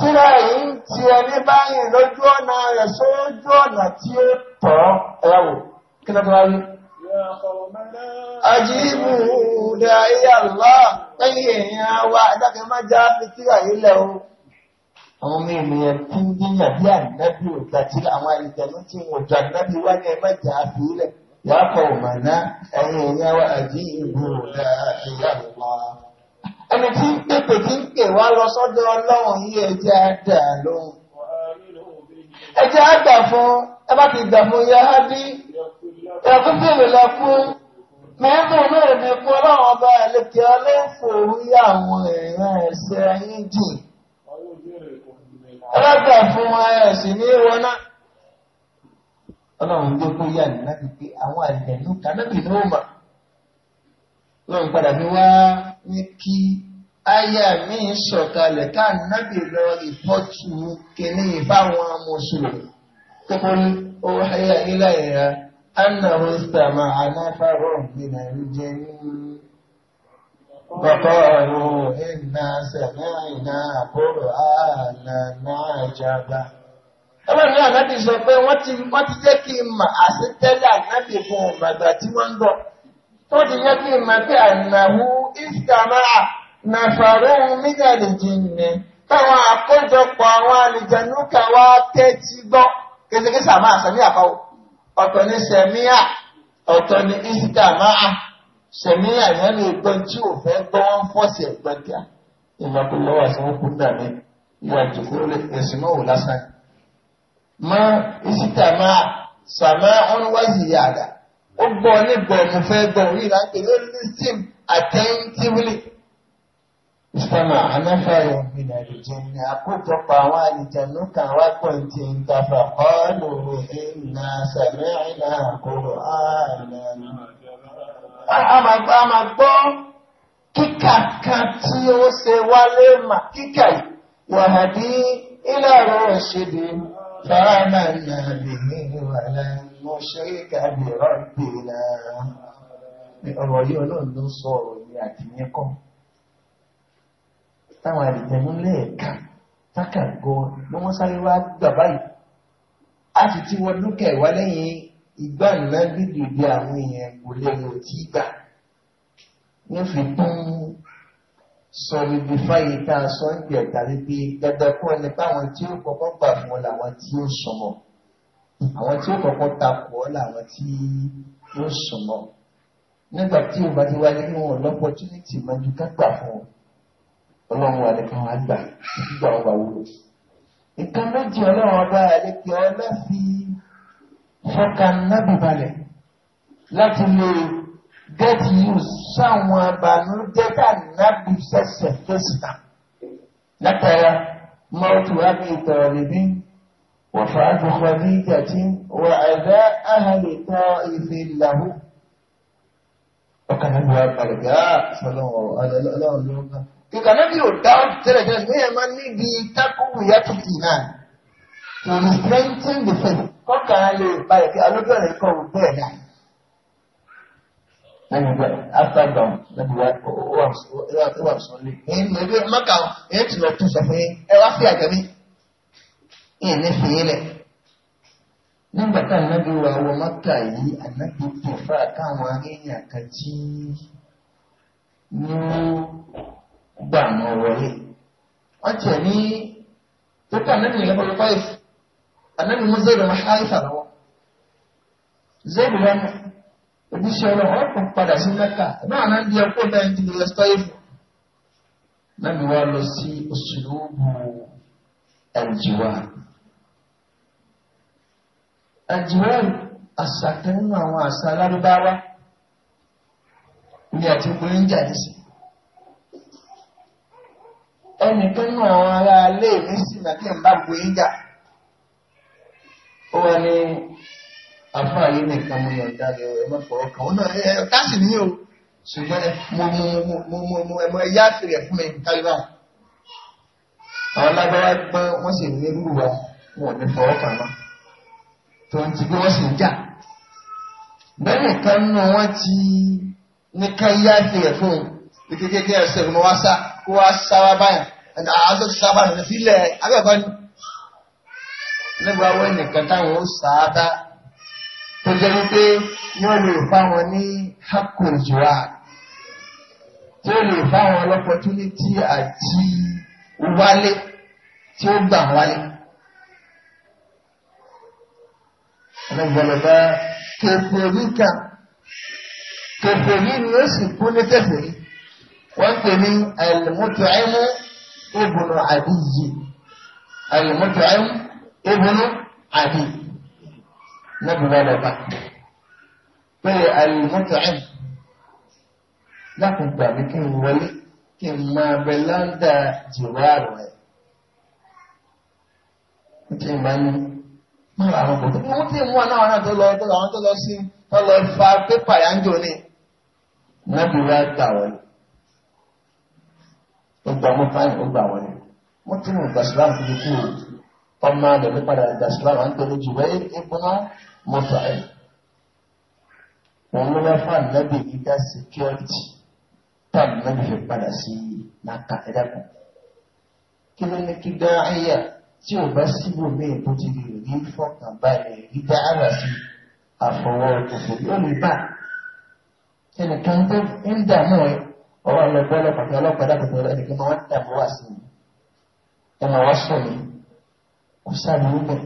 Tíra yìí ń ti ẹni báyìí lójú ọ̀nà rẹ̀ sójú ọ̀nà tí ó tọ́ ẹ wò kí ló bá rí. Ajíbù dá ilé àlùbá lẹ́yìn èèyàn wa ẹ̀dákan má já fi tíra yìí lẹ̀ o. Àwọn ọmọ ènìyàn tí ń gbìyàn bí ànábì ò gbà tí àwọn àlìjẹ̀mú tí wọn ò ànábì wá ní ẹ má fi lẹ̀. Yàtọ̀ ọ̀mọ̀ná ẹ̀yìn èèyàn wa ajíbù dá ilé àlùbá ẹni tí ń pèpè tí ń pè wá lọ sọ́dọ̀ ọlọ́run yí ẹjẹ́ àdà lóhùn ẹjẹ́ àdà fún ẹ bá ti dààmú ya á dí ẹ̀kún bèrè lọ fún mẹ́rin mẹ́rin ní fún ọlọ́run ọba ẹ̀lẹ́kẹ́ ọlẹ́fòrú yá àwọn èèyàn ẹ̀ṣẹ̀ yín jìn ẹlẹ́gbà fún ẹ̀sìn ní ìwọ náà ọlọ́run ló kó yá nínú pé àwọn àlẹ́nu kanábì ní ó mà padà ní wá ní kí àyà mi sọ̀kalẹ̀ ká nábì lọ rìpọ́tù kìíní fáwọn mùsùlùmí kókó ní ó háyà nílà ìyá annahu sàmà anáfàrọ̀ nínà ìjẹ́ Bàbáàrò iná sẹ̀mẹ́rìnà àbúrò ààlà náà jábá. Ọlọ́run náà láti sọ pé wọ́n ti jẹ́ kí n mà àṣetẹ́lẹ̀ ànábì fún ọ̀gbàgbà tí wọ́n ń bọ̀. Tó ti jẹ́ kí n mà pé ànáwó ìsìtàmáà nàfàrú mídàlìjìnnì táwọn àkójọpọ̀ àwọn àlìjẹnú kan wá tẹ́tí gbọ́ kéṣeké sàmà sẹ́míà kọ́ ọ̀tọ̀ ní sẹ́míà ọ̀tọ̀ ní ìsìtàmáà sẹ́míà yẹn lè gbọ́ tí ò fẹ́ gbọ́ wọn fọ́ọ̀sì ẹ̀gbọ́n kíá ìmọ̀kúlọ́wọ́ àsọ̀wọ́kú dàbí ìwà ìjòkó ẹ̀sìn náà wò lásán mọ́ ìsìtàmáà sàmà ọ̀nwá yìí yàrá ó gbọ́ nígbọ̀ mo fẹ́ gbọ́ orí ìrántí lórí ní sim attentively. Ìsọ̀mà anáfààrọ̀ ìgbìnà ìjẹ́ ni àkójọpọ̀ àwọn àlìjẹ̀nú kan wá pọ̀ tí ń tafà ọ́nù ìrìnà sàmì àìlà àkóró àìlà náà. A máa gbọ́ kíkà kan tí ó ṣe wálé mà kíkà yìí, wàhàdí ìlàrọ̀ òṣèlú fàánà nàbì ní ìwàlẹ̀ mọ́ṣẹ́ríkà bí rọ́bìnà ọ̀rọ̀ yìí ọlọ́run ló sọ ọ̀rọ̀ yìí àti yẹn kọ́ táwọn àdìjẹ̀mú lẹ́ẹ̀ka tákà gan ni wọ́n sáré wá gbà báyìí a sì ti wọ dúkà ìwá lẹ́yìn ìgbà náà dídìde àwọn èèyàn kò lẹ́nu òtí gbà ní fi tún sọ níbi fáyé tá a sọ ń bẹ̀ tàbí pé dandan kọ́ ni báwọn tí ó kọ́kọ́ gbà fún ọ làwọn tí ó sọmọ àwọn tí ó kọ́kọ́ takò ọ làwọn tí ó sọmọ nígbà tí o bá ti wáyé kí wọn lọ́pọ̀ túnítì máa ju kágbà fún ọ ọlọ́run àdékan wá gbà gbígbà wọn bá wúlò. nǹkan méjì ọlọ́run ọba àdékan ọlá fi fọ́kàn nábì balẹ̀ láti lè get used sáwọn àbànújẹ́ tá nábì sẹ̀sẹ̀ fẹ́sìtà látara mọ́tò ábí ìtọ̀rọ̀ nìbí wọ̀fà àdùkọ̀ ní ìjà tí wọ́n àdá àhàlẹ̀ tọ́ ìlàwó ọkàn náà wà pàdàgbà fọlọ́wọ́ ọlọ́run ló ń bá. Nǹkan náà bí ò dá tẹ́lẹ̀ tẹ́lẹ̀ ṣùgbọ́n yẹn máa ń níbi tákùn ìyá tó náà. To strengthen the faith. Kọ́kàn lè balẹ̀ kí alójú ọ̀rẹ́ kọ̀ bẹ́ẹ̀ náà. Lẹ́yìn ìgbà after dawn lẹ́bi wá ó wà sọ́lé. Èyí ni ẹgbẹ́ mọ́kà èyí ti lọ tún sọ fún yín ẹ wá sí àjẹmí. Ìyẹn ní fi lẹ̀ nígbà tá ànábì wa wọ mọ́kà yìí ànábì tó fà káwọn aríyàn kan tí ní gbà mọ́ wọlé wọ́n tiẹ̀ ní tó kà ànábì ní lẹ́kọ̀ọ́ five ànábì mú zéèrè wọn ṣáìfà lọ́wọ́ zéèrè wọn ojúṣe ọlọ́run wọ́n kàn padà sí mẹ́kà náà náà di ọkọ̀ náà ti lọ sọ́ìfù náà ni lọ sí òṣèlú ọ̀gbọ̀n ẹ̀jẹ̀ wa àjùmọ́n àṣà kan nínú àwọn àṣà alárúbáwá ní àti obìnrin jáde sí ẹnìkan nínú àwọn ará ilé mi sì nàkí ń bá gbogbo yín jà ó wà ní àfáà yìí nìkan mo yàn dáre ẹ má fọwọ́ kan ó náà ẹ ká sì ní o ṣùgbọ́n mo mo mo mo mo ẹ mọ ẹ yá àfẹrẹ fún mi kárí báwọn àwọn lágbára gbọ́n wọ́n sì ní rúwa wọn ò ní fọwọ́ kan náà tó ń ti bí wọ́n sì ń jà bẹ́ẹ̀ kan nù wọ́n ti ní káyá fìyẹ̀ fún un kékeré ẹsẹ̀ ló wá sá kó wá sá wá báyìí ẹ̀dá aṣọ ti sábà nìyẹn sílẹ̀ abẹ́ẹ̀kọ́ ni nígbà wo nìkan táwọn ó sáábà tó jẹ́ wípé yóò lè fáwọn ní hakùnjùwà tí ó lè fáwọn opportunity àti wálé tí ó gbà wálé. ọlọ́gbọ̀lọ́gbà kèfèrí kan kèfèrí ni ó sì kú ní kèfèrí wọ́n pè ní àìlèmọ́tòáìmù ìbùnú àdìyí àìlèmọ́tòáìmù ìbùnú àdìyí lọ́gbọ̀lọ́gbà pé àìlèmọ́tòáìmù lákùnkùn àbí kí n wọlé kí n máa bẹ láńdà jìwá rẹ̀ kí n máa ní mo ti mú ọ̀nà ọ̀nà tó lọ tó lọ àwọn tó lọ sí tó lọ fa pépà yá ń jò ní. wọ́n ti wá gbà wọ́n ó gbà mọ́ fáyìn ó gbà wọ́n ni wọ́n ti mú ìgbà tó ti kú ọmọ rẹ̀ ní padà ìgbà sílámù à ń tẹ̀lé jù wẹ́ẹ́ ìbúná mọ́tò ẹ̀. wọ́n ló fáwọn nábì gíga security táwọn nábì fi padà sí nàkà ẹ̀dá kan kí ló ní kí dáhìyà tí ò bá síbò míì tó ti lè rí fọkànbalẹ̀ rí dáhàrà sí àfọwọ́ òfò yóò lè bà ẹnìkan tó ń dààmú ẹ ọwọ́ ọlọ́gbọ́ ọlọ́pàá ọlọ́pàá dàpọ̀ ẹnìkan máa ń dààmú wá sí i ẹ máa wá sọ yìí kò sáré níbẹ̀.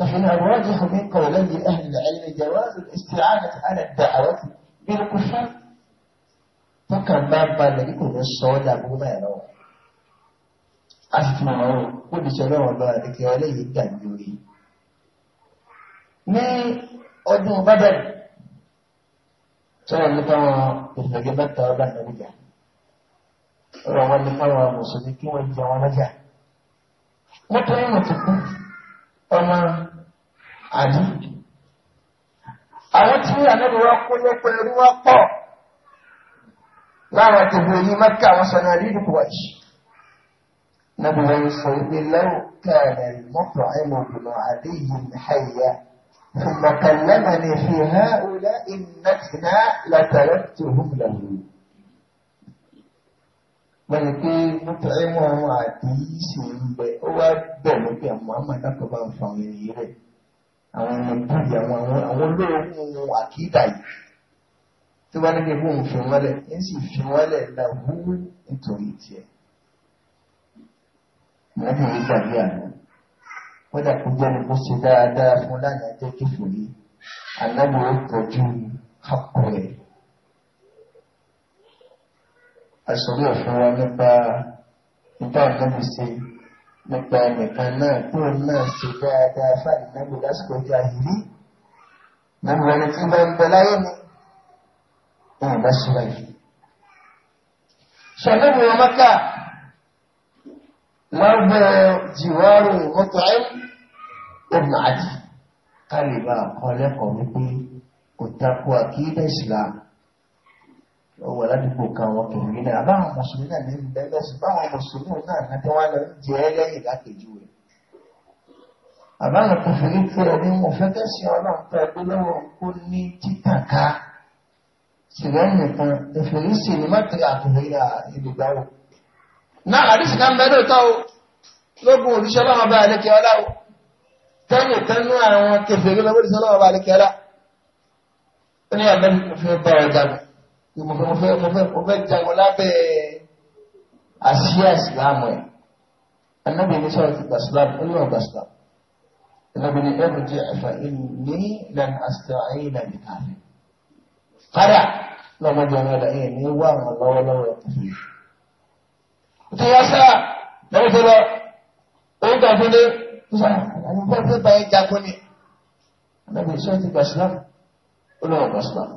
لكن الراجح من قولي أهل العلم جواز الاستعانة على الدعوة بالكفار فكان بابا الذي كنا الصوت أبو ما يروح أسمعوا ó fi ṣọlọ́ ọ̀bá àdìkẹ́ ọlẹ́yìí dàbí orí ní ọdún bábẹ́rẹ̀ sọ̀rọ̀ nípa wọn ìfìlẹ̀gẹ́ mẹ́ta ọba ìnáwójà ọ̀rọ̀ wọn nípa wọn mùsùlùmí kí wọ́n jẹ wọn lọ́jà wọ́n tó yẹn ti kú ọmọ àdí àwọn tí ànábì wọn kó lọ́pọ̀ ẹrú wọn pọ̀ láwọn tòbí oyin mẹ́kà wọn sọ ní àdídùkú wáyé. Nàbí wọn sọ wípé lẹ́wọ̀n káàlẹ̀ mọ́tò àìmọ̀gbìnà àdéhìn hayya. ثم كلمني في هؤلاء النتنا لتركتهم له. wọ́n ní pé mọ́tò ẹ̀mọ́ àwọn àdéhìn sì ń bẹ ó wá bẹ̀ mí pé àwọn amọ̀dàkọ̀ bá ń fa àwọn ènìyàn àwọn ọmọ ìbúdì àwọn àwọn olóògùn àkídà yìí tó bá níbi ìbú òun fi wọ́n lẹ̀ ń sì fi wọ́n lẹ̀ láwùú nítorí tiẹ̀ lọ́nà ìgbàgbé àná kódà kó jẹ́ ní kó ṣe dáadáa fún lánàá jẹ́ kíkò ní aláwọ̀ ó tọ́jú kápò rẹ̀. àṣọrí ọ̀fun wa nípa nípa ìdánwò ṣe nípa nìkan náà tó náà ṣe dáadáa fáàlì náà lásìkò ọjọ́ àyírí nínú ẹni tí bá ń bẹ láyé ni ìyẹn bá ṣe báyìí. sọ̀rọ̀ mi wọ́n mọ́ká lọ́gbẹ́ jìwárù mọ́tàí ibn Adi kálìbà kan lẹ́kọ̀ọ́ wípé kò takò àkídà Islam lọ́wọ́ ládùúgbò kan wọn kò rí náà báwọn mùsùlùmí náà ní bẹ́ẹ̀ sí báwọn mùsùlùmí náà kan tí wọ́n lọ ń jẹ́ lẹ́yìn lákejì rẹ̀ àbáwọn kòfìrí tí ẹ ní mo fẹ́ kẹ́sì ọlọ́run tó ẹgbẹ́ lọ́wọ́ kó ní títàká sì lẹ́yìn kan ìfìrí sì ní mọ́tàlá àtúnwé ìlú gbáwọ̀ náà àdìsí kan bẹ́ẹ̀ lóòótọ́ o lógun òdìṣẹ́ ọlọ́run bá àlékè ọlá o tẹ́yìn tẹ́nu àwọn kẹfẹ́rí lọ́wọ́ òdìṣẹ́ ọlọ́run bá àlékè ọlá ó ní àbẹ́ mo fẹ́ bá ọ jà mí mo fẹ́ mo fẹ́ mo fẹ́ jagun lábẹ́ àṣìyà ìsìlámù ẹ̀ anábì ní sọ̀rọ̀ ti gbàsílámù ó ní wọn gbàsílámù anábì ní ẹ̀rù jẹ́ ẹ̀fà ìlú ní ìlànà ti yá sáà lọ́wọ́ tó lọ òun kà fún dé àwọn fẹ́ bá ẹ jagun ni anabi sọ ti gba islam ó lọ gba islam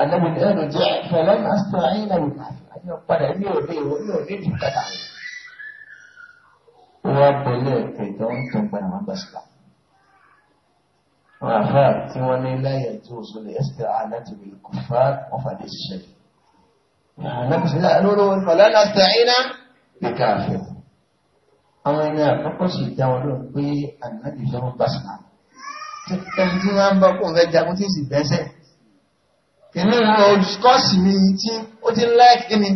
anabi ní ẹnu jẹ fẹlẹ máa sọ ayé náà wò láti ayé ọ̀padà ní òde ìwọ ní òde ìdúkàdà wọ́n bẹ̀lẹ̀ ẹ̀kẹ́jọ́ ń tún gbọ́n àwọn gba islam wọn àfáà tí wọ́n ní láyé tó sọ lè ẹsẹ̀ àlẹ́ tó lè kó fáà wọ́n fà ṣiṣẹ́ yìí. النبي صلى الله عليه وسلم فلا نستعين بكافر àwọn ẹni àkọ́kọ́ sì dá wọn lóhùn pé ànábì sọ́run gbà sílá ẹni tí wọ́n ń bọ́ kó fẹ́ jagun tí sì bẹ́sẹ̀ inú wọn kọ́ọ̀sì mi tí ó ti ń láìkí ni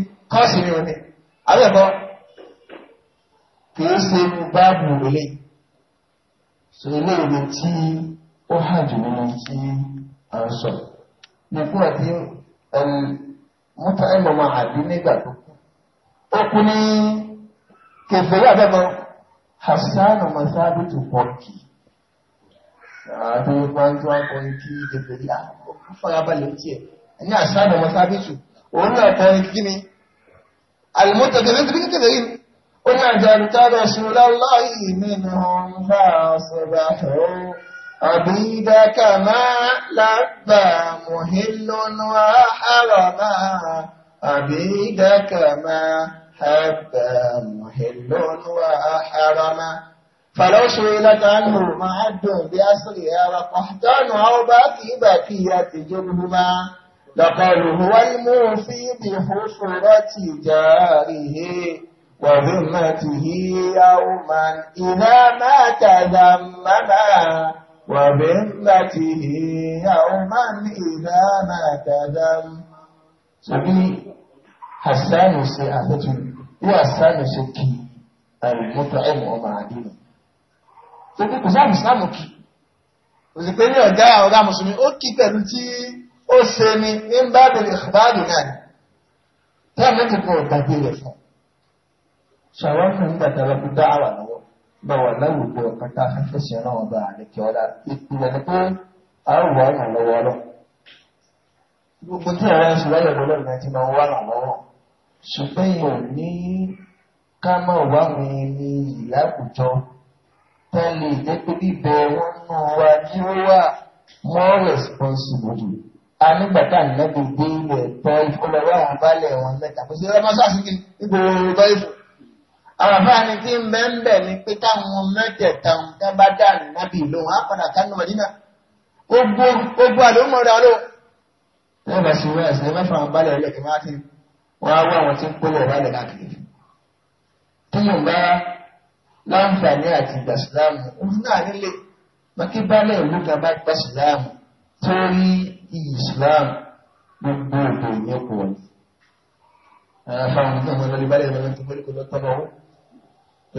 mọ́tàlẹ́ lọ́mọ àdín nígbà tó kú ó kú ní kẹfẹ́rí àbẹ́mọ hasan masadu tó pọ̀ kì àti wọn tó wọn kọrin kí kẹfẹ́rí àbọ̀ farabalẹ̀ tiẹ̀ ẹni hasan masadu tó òun náà kọrin kí ni àlùmọ́tò kẹfẹ́rí bí kẹfẹ́rí ni. قل أجبت رسول الله منهم فأصبحوا عبيدك ما لبى مهل وحرما عبيدك ما حبى مهل وحرما فلو سئلت عنه معد بأصلها وقحطان أو باقي بقية جنهما لقال هو الموفي بحفرة جاره وذمته يوما إذا ما تذمما وبالتي هي يوما إذا ما تدل سبيل حسان سيئته هو حسان سكي المطعم وما عدينه tẹ́kẹ́ kò sáàmù sáàmù kì kò sì pé ní ọ̀gá ọ̀gá mùsùlùmí ó kì pẹ̀lú tí ó ṣe ni ní báàdù ìbáàdù náà ni tẹ́ẹ̀mẹ́tì kò gbàgbé lọ́wọ́ láwùjọ kan tá a fẹ́ fèsì ọlọ́wọ́ bá a lè kí ọlá ìpìlẹ̀ ni pé a ó wà yàn lọ́wọ́ lọ. gbogbo tí àwọn ẹ̀sùn láyọ̀ lọ́wọ́ ìgbà tí máa wà yàn lọ́wọ́ ṣùgbọ́n yóò ní ká máa wà mí ní ìlàkùjọ tẹ́lẹ̀ jẹ́ pé bíbẹ̀ wọn nù wá ní ó more responsible. a nígbà tá à ń lẹ́bi dé ilẹ̀ tọ́ ìfọlọ́wọ́ àwọn baálẹ̀ wọn mẹ́ta kò sí ẹ àràfáàní tí ń bẹ́ ń bẹ̀ ni pé táwọn mẹ́tẹ̀ẹ̀ta ń tẹ́ bá dà nábì lóhùn á padà kánú Mẹdínà gbogbo gbogbo àlómọ̀ rẹ̀ ló. lẹ́yìn bá ṣe wẹ́ẹ̀sì ẹ mẹ́fà wọn balẹ̀ ilẹ̀ kí máa ti wọ́n á wá àwọn tí ń polówó balẹ̀ káàkiri. tí mo bá láǹfààní àti ìgbà síláàmù òun náà nílé mọ́kí balẹ̀ ìlú kan bá gbà síláàmù torí iyì síláàmù gbogbo òkò ìyẹ́kọ̀ọ́ ni. àwọn afáwọn tó ń lọ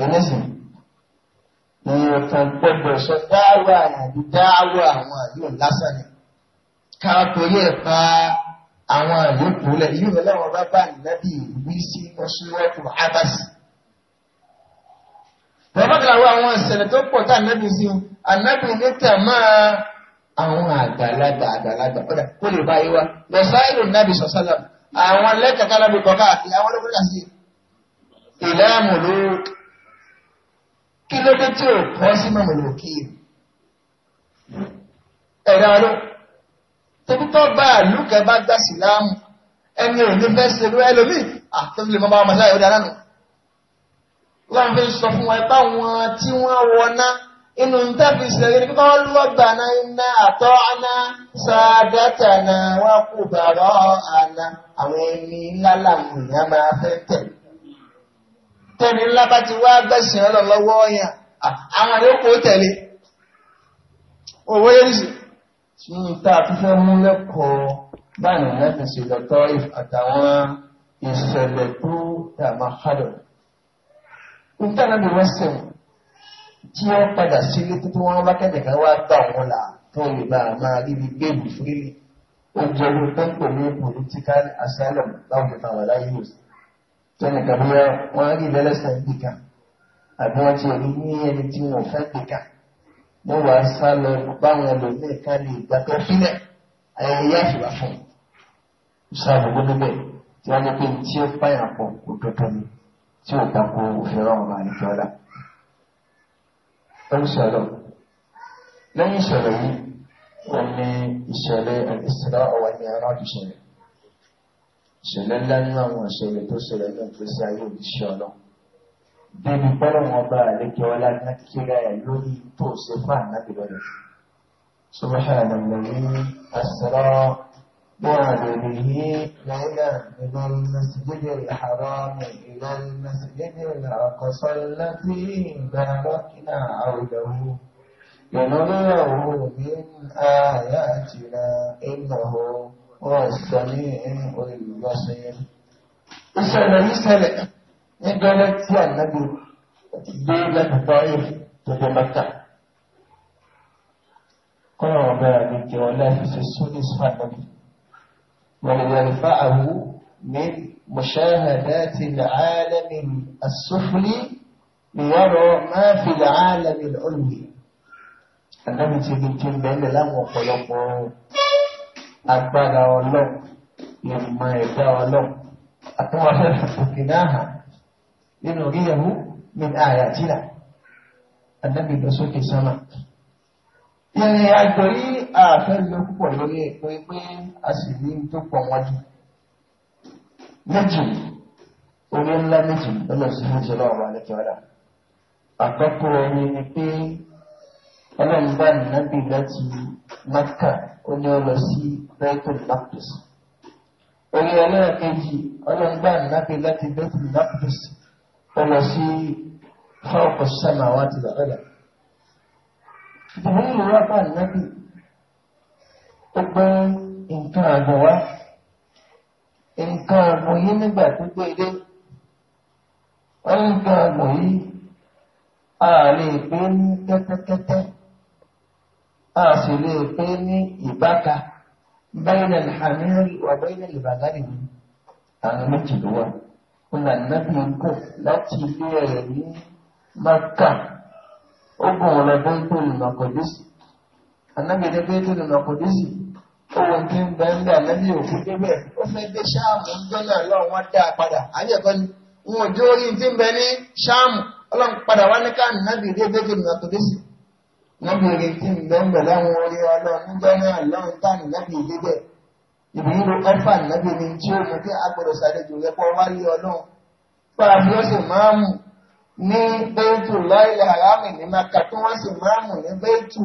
onísìn ìyẹn kan gbọ́dọ̀ sọ dáwà àyàbí dáwà àwọn àyùn lásán ni ká torí ẹ̀ pa àwọn àyùn kúlẹ̀ yìí ló lọ́wọ́ bá bá nìlẹ́bí wí sí oṣooṣù abasi. bàbá kan àwọn àwọn ìṣẹ̀lẹ̀ tó pọ̀ tá ànábì sí o ànábì níta máa àwọn àgbàlagbà àgbàlagbà kódà kó lè bá yé wa lọ sáyẹ̀lì nàbì sọ̀sálàmù àwọn lẹ́kẹ̀ẹ́ kálábì kọ́ káàkiri àwọn olókùnrin kí ló dé tí ò kọ́ sí mọ̀mọ̀lẹ̀ òkèèrè ẹ̀rọ ló tẹ́bí tó bá lùkẹ́ bá gbà sí láàmù ẹni ò ní fẹ́ sí ẹlú ẹlòmíì àtẹ́bí lè mọ́ bá wọn mọ̀lẹ́ ọ̀dà lánàá láwọn fi sọ fún wọn báwọn tí wọ́n wọná tẹ́ni ńlá bá ti wá gbẹ̀sìn ọ̀rọ̀ lọ́wọ́ yẹn àwọn àyókò tẹ̀lé owó yẹn nìsí. sunu tá a tún fẹ́ mú lẹ́kọ̀ọ́ báyìí lẹ́sìn sí lọ́tọ́ àtàwọn ìṣẹ̀lẹ̀ tó dàmà hádọ̀. níta náà ni wọ́n sẹ̀wọ̀n tí wọ́n padà sílé tó tó wọ́n bá kẹ́jẹ̀ kan wá gbà wọ́n là tó lè bá a máa rí ibi gbèrú fúrílì. ó jẹ́ ló tán pẹ̀lú political asylum láwùjọ táwọn aláyé yóò sí tẹ́nì kan bóyá wọ́n rí lẹ́lẹ́sẹ̀ níbì kan àbí wọ́n ti rí ní ẹni tí wọ́n fẹ́ gbé kan wọ́n wá sá lọ báwọn ẹlòmíì kan lè gbà tó sílẹ̀ ayẹyẹ yá ìfìwà fún un sáàbù gbogbo bẹ́ẹ̀ tí wọ́n ní pé tí ó pààyàn pọ̀ kó tọ́tọ́ ni tí ó tako òfin ọ̀rọ̀ àlejò ọ̀la. ó ń sọ̀rọ̀ lẹ́yìn ìṣẹ̀lẹ̀ yìí wọ́n ní ìṣẹ̀lẹ̀ ìṣẹ̀lẹ̀ ọ̀wà ní ẹ̀rọ ìṣẹ̀lẹ̀ ìṣẹ̀lẹ̀ ńlá nínú àwọn ìṣẹ̀lẹ̀ tó ṣẹlẹ̀ ní ìgbésí ayé òjíṣẹ́ ọlọ́run débi bọ́lọ̀ wọn bá àlékè ọlá ní kíkéré ẹ̀ lórí tó ṣe fún ànábì lọ́dọ̀ سبحان الذي أسرى بعبده ليلا من المسجد الحرام إلى المسجد الأقصى الذي باركنا حوله لنريه من آياتنا السميع البصير ìṣẹ̀lẹ̀ níṣẹ̀lẹ̀ ní gẹ́lẹ́ tí ànábì gbé lẹ́kọ̀ọ́ ìrì tó dé mẹ́ta. kọ́nà ọ̀bẹ àgbègbè ọ̀la ìfẹsẹ̀ sódì sí ànábì. wàlúwàlúfà àwù ní مشاهدات العالم السفلي ليرى ما في العالم العلوي. ànábì ti di kí n bẹ́ẹ̀ lẹ́la ọ̀pọ̀lọpọ̀ ọ̀hún agbára ọlọ́run ìmọ̀ ẹ̀dá ọlọ́run àtúwọ̀n òkè náà hàn nínú oríyẹ̀wò ní ààyè àjílà adábì lọ sókè sọ́nà. ìrìn àjò yìí àfẹ́ lọ púpọ̀ lórí ẹ̀kọ́ pé a sì ní tó pọ̀ wọ́n jù. méjì orí ńlá méjì lọ́nà ni pé ọlọ́run bá nìyàbì mẹ́kà ó ní ó lọ sí bẹ́tùl makdis orí ẹlẹ́ẹ̀kejì ọlọ́gbà nàbí láti bẹ́tùl makdis ó lọ sí fọ́ọ̀kọ̀ sàmà wá ti lọ́dà ìdùnnú ìlú wà bá nàbí ó gbé nǹkan àgbọ̀ wá nǹkan àgbọ̀ yìí nígbà tó gbé dé wọ́n nǹkan àgbọ̀ yìí a lè gbé ní kẹ́tẹ́kẹ́tẹ́ a sì lè pé ní ìbáka bẹ́ẹ̀nà hàmírì wà bẹ́ẹ̀nà ìbàgárì ni àwọn méjì ló wà ọ̀nà nàbí gùn láti ilé rẹ̀ ní maka ó gùn wọn lọ bẹ́ẹ̀tò lùmọ̀kọ̀dẹ́sì anábìyẹn bẹ́ẹ̀tò lùmọ̀kọ̀dẹ́sì ó wọn ti ń bẹ ń bẹ ànábì òkú débẹ̀ ó fẹ́ dé sáàmù ń jọ́nà lọ́wọ́ wọn dá padà àbí ẹ̀kọ́ ni wọn ò jó orí ti ń bẹ ní sáàmù ọlọ́run padà wá ní ká nàbì dé bẹ́ẹ̀tò lùmọ̀kọ̀dẹ́sì lọ́bìnrin tí ń bẹ́ẹ̀ láwọn orí ọlọ́run níjọ́ náà lọ́run táàmì lẹ́bí ìdébẹ̀ ìbílò ẹ̀fà lẹ́bí ni tí ó mú kí agbọ̀dọ̀ ṣàlejò lẹ́pọ̀ wálé ọlọ́run fún abúlọ́sì máàmù ní bẹ́ẹ̀tù lọ́ọ̀lẹ̀ àrámì ní maka tí wọ́n sì máàmù ní bẹ́ẹ̀tù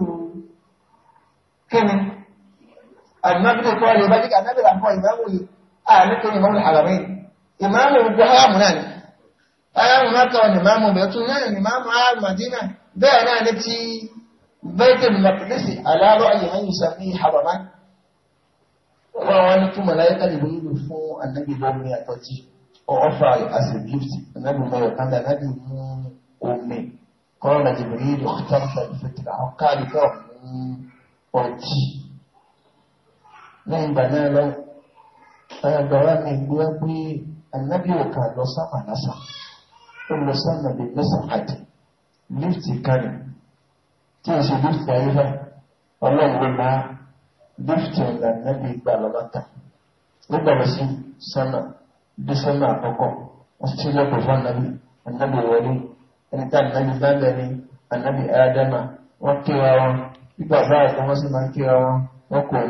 kíni àdìmọ́bìlì kọ́ ọ̀lẹ́ bá díkà nábìlà fún ìmáàmù yìí àní kí ìmáàmù àràmì náà ni aráàmù ìmáàmù bẹ̀tù بيت المقدس على رأي من يسميه حرما وأن ملائكة جبريل فو النبي لومي أتوتي وأوفر as a النبي ما يقال النبي أمي قال جبريل اخترت الفترة وقال لهم أوتي lẹ́yìn ìgbà náà lọ ẹgbẹ̀rẹ́ النبي وكان pé ẹ̀nẹ́bí òkà lọ sáàmà lásà ó lọ sáàmà tí o ṣe gift ayélujá ọlọ́run ló máa gift ìlànà bí ìgbà lọ́mọ́ta nígbà lọ sí sánà dísánà àkọ́kọ́ wọ́n sì ti lọ́pọ̀ fún ànábì ànábì wọlé ẹni tá ànábì lábẹ́ ni ànábì ádámà wọ́n kíra wọn nígbà báyìí kan wọ́n sì máa ń kíra wọn wọ́n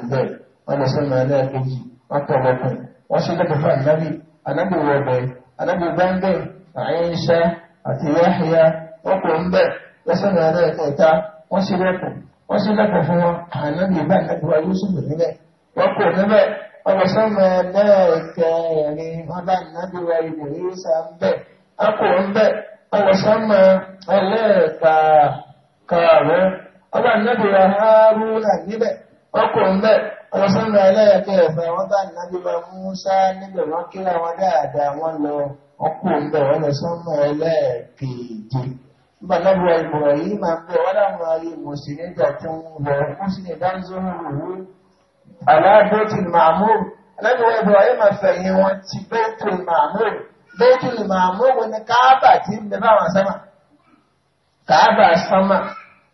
kò wọ́n ṣe lẹ́kọ̀ọ́ wọ́n ṣe lẹ́kọ̀ọ́ fún wọn àná ní ìbá ìlẹ́kọ̀ọ́ Yúsúfù níbẹ̀ wọ́n kò níbẹ̀ ọmọ sọ́mọ ẹlẹ́ẹ̀kẹrin ọba ìnábíwá ibò yíṣà ń bẹ̀ ọkọ̀ ń bẹ̀ ọmọ sọ́mọ ẹlẹ́ẹ̀kàrún ọba ìnábíwá wọ́n kíra wọn dáadáa wọ́n lọ ọkọ̀ ń bẹ̀ ọmọ sọ́mọ gbàdánù ìbọ̀rọ̀ yìí máa pẹ́ wọ́n láwọn ayé mùsùlùmí ìjà tí ń wọ̀ mùsùlùmí ìdánzóhùn òwú aláàbẹ̀tìl màmúr lẹ́nu ìbọ̀rọ̀ yìí máa fẹ̀yìn wọn ti bẹ́tìl màmúr bẹ́tìl màmúr wọn ni káàbà tí ń bẹ báwọn sámà káàbà sámà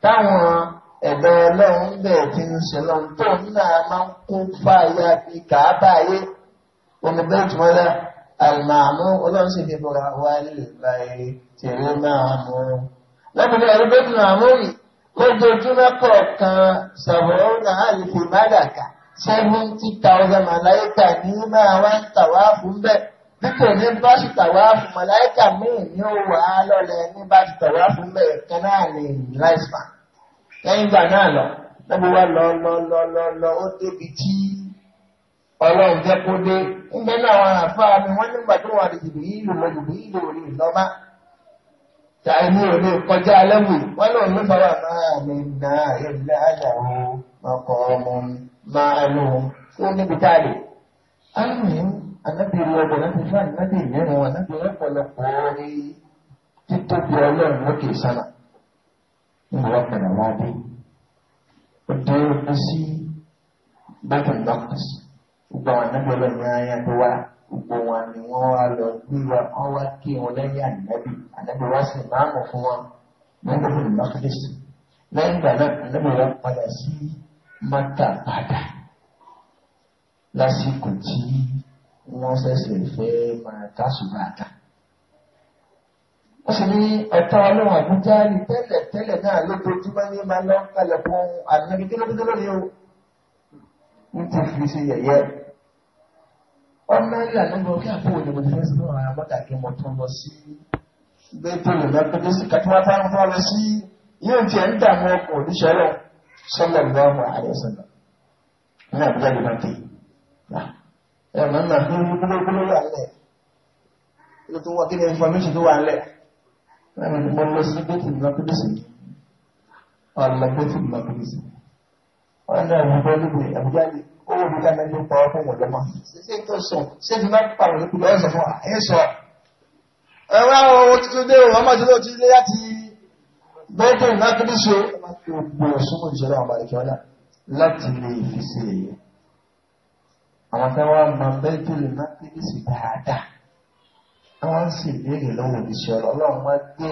táwọn ẹ̀dọ́ ọlọ́run bẹ̀ ti ń ṣe lọ́n tó náà máa ń kó fáyà bí káàbà yé omi bẹ́tìl mọ́lá àlùmọ̀ ọlọ́run sì fi bọ̀rọ̀ wálé ìgbà yìí tèrè máa mú un lẹ́gbẹ̀ẹ́ ẹ̀rí bẹ́tù àmúrì lójoojúmọ́ kọ̀ọ̀kan sàbọ̀rọ̀nà àlùfò mádàkà seventy thousand màláìkà ní máa wá ń tàwá fún bẹ́ẹ̀ bí kò ní bá sì tàwá fún màláìkà míì ní ó wà á lọ́lẹ̀ ní bá sì tàwá fún bẹ́ẹ̀ kan náà ní láìsàn lẹ́yìn ìgbà náà lọ lọ́gbọ́ wa lọ lọ lọ lọ lọ ó débi tí ọlọ́run jẹ́ kó dé ń bẹ́ẹ̀ náà àwọn àfáà mi wọ́n nígbà tó wà lè jìbìlì ìlú lọ jìbìlì ìlú ìlọ́ba tàìmí ò lè kọjá lẹ́wù wọ́n lọ ló fara máa mi na ilẹ̀ àjàwó ọkọ̀ ọmọ máa lò ó níbi táàlì. a ń rìn anábìrì ọgbọ̀ láti fún anábìrì mẹ́rin wọn anábìrì ọ̀pọ̀lọpọ̀ orí títóbi ọlọ́run lókè sánà nínú ọ̀pẹ̀lẹ̀ wọn bí. ó dé ojú sí bákan dọ́kítà gbogbo àwọn anábìrì ọlọ́run ní ayé àdúrà gbogbo wọn ni wọ́n wá lọ gbé wa wọ́n wá kí wọn lẹ́yìn ànábì ànábì wá sí máàmù fún wọn lẹ́yìn ìmọ̀kìlẹ́sì lẹ́yìn ìgbà náà ànábì wọn padà sí mọ́tà padà lásìkò tí wọ́n ṣẹ̀ṣẹ̀ fẹ́ máa tásùbà ta. wọ́n sì ní ọ̀tá ọlọ́run àbújá ní tẹ́lẹ̀ tẹ́lẹ̀ náà lójoojúmọ́ ní máa lọ kalẹ̀ fún ànábì kí ló dé lórí o. wọ́n ti fi ṣe yẹ̀yẹ́ ọ̀nàrí àdúgbò kí àpò òyìnbó ti fẹ́ sí fún ara mọ́tà kí mo tún lọ sí bẹ́tẹ̀lì lẹ́pẹ́tẹ́ sí kàtí wọ́n fáwọn fún ọ lọ sí yóò tiẹ̀ ń dààmú ọkọ̀ oníṣẹ́ lọ sọ́lọ̀ ní ọmọ ààrẹ sọ̀nà ní àbújá ní bá tè ẹ̀ máa ń nà fún gbólógbóló wà lẹ̀ kí tó wà kí ni information tó wà lẹ̀ mo lọ sí bẹ́tẹ̀lì lẹ́pẹ́tẹ́ sí ọ̀lọ́ bẹ́tẹ̀lì lẹ́pẹ́tẹ́ sí ọ̀nà àbújá ní owó mi ká lẹ́yìn pa ọkọ̀ wọ̀n lọ́mọ. ṣé tó sọ ṣé fi máa pàrọ̀ lókù lọ́wọ́ sọ É wa ẹ sọ. ẹ̀rọ àwọn ohun tuntun dé òun ọmọdé ló ti lé láti bẹ́ẹ̀dẹ̀ lákìlì ṣe gbogbo ìṣúnmọ̀ ìṣẹ̀lẹ̀ àwọn àbàlẹ̀kẹ́ọ́lá láti lè fi ṣe èyí. àwọn táwa máa bẹ́ẹ̀dẹ̀ lè má kéde sí dáadáa. àwọn sì béèrè lọ́wọ́ ìṣẹ̀lẹ̀ ọlọ́run wá gbé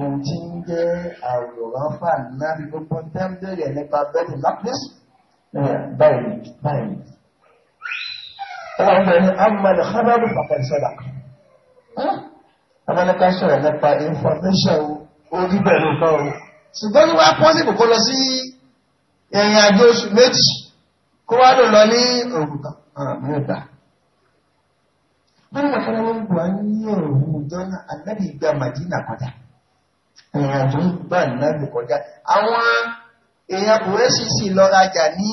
ohun tí ń jẹ́ àwòrán fà náà gbogbo tẹ́ńbẹ̀rẹ̀ nípa bẹ́ẹ̀dẹ̀ lápẹ́sì báyìí báyìí ọlọ́run bẹ̀rẹ̀ ní amọ̀lẹ̀ xabaru pàpàlì sọ́dà amọ̀lẹ̀ ká sọ̀rọ̀ nípa information orí bẹ̀rẹ̀ nǹkan o ṣùgbọ́n ní wàá pọ́sí kò kó lọ sí ẹ̀yìn àjò oṣù méjì kó wá lò lọ ní òrùka mi ò dá wọ́n ní àkàrà wọn gbọ́ ní òrùn jọ́nà ànábì ìgbà màdínà kọjá ẹ̀yìn àjò ń gbà náà lè kọjá àwọn èèyàn kùrẹ́sì sì lọ rajà ní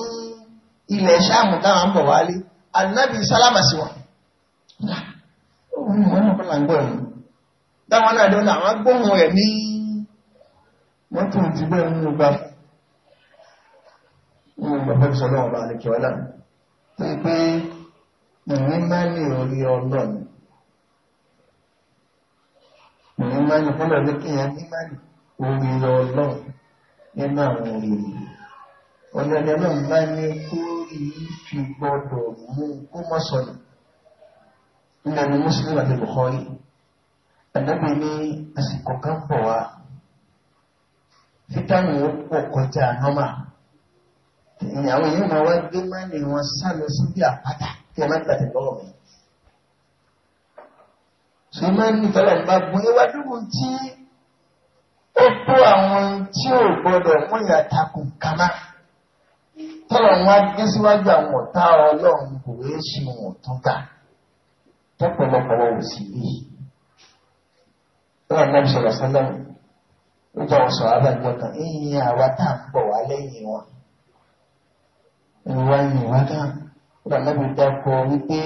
ilẹ̀ sáàmù táwọn bọ̀ wálé ànábì sálámà sí wọn òun mọ́nà kọ́là ń gbọ́ ẹ̀yìn táwọn náà dọ́nà àwọn gbóhùn rẹ̀ ní mọ́tò ìjúbẹ̀ nínú gbà nínú gbàgbọ́ ìṣọ́nà ọba àlekè ọ̀la pé pé ìní ọlọ́run nínú àwọn òrìrì ọ̀nàdẹ̀ náà bá ní kó rí fi gbọ́dọ̀ mú kó mọ́ sọ̀nà ilẹ̀ ni muslim àti bukhari ẹ̀dẹ́bí ní àsìkò kan pọ̀ wá fítàmì ó pọ̀ kọjá nọ́mà ìyàwó yìí máa wá gbé mẹ́rin wọn sá lọ síbi àpáta kí ẹ má gbàtẹ̀ lọ́wọ́ mi. sùnmọ́ ní tọ́lọ̀ ń bá gun ẹwà dúró tí ó bú àwọn tí ò gbọdọ̀ mú ìyàtàkù kàmá tọ́lọ̀ wọn á gbé síwájú àwọn ọ̀tá ọlọ́run kò wéé ṣe wọn tó ga tọ́pọ̀lọpọ̀ wọn ò sì rí i. báwọn náà sọ̀rọ̀ sálẹ̀mù ó jọ àwọn sọ̀rọ̀ abájọ kan ìyìn àwa tá à ń bọ̀ wá lẹ́yìn wọn. ìwà ìyìn wá ó dà lábẹ́ dákọ wípé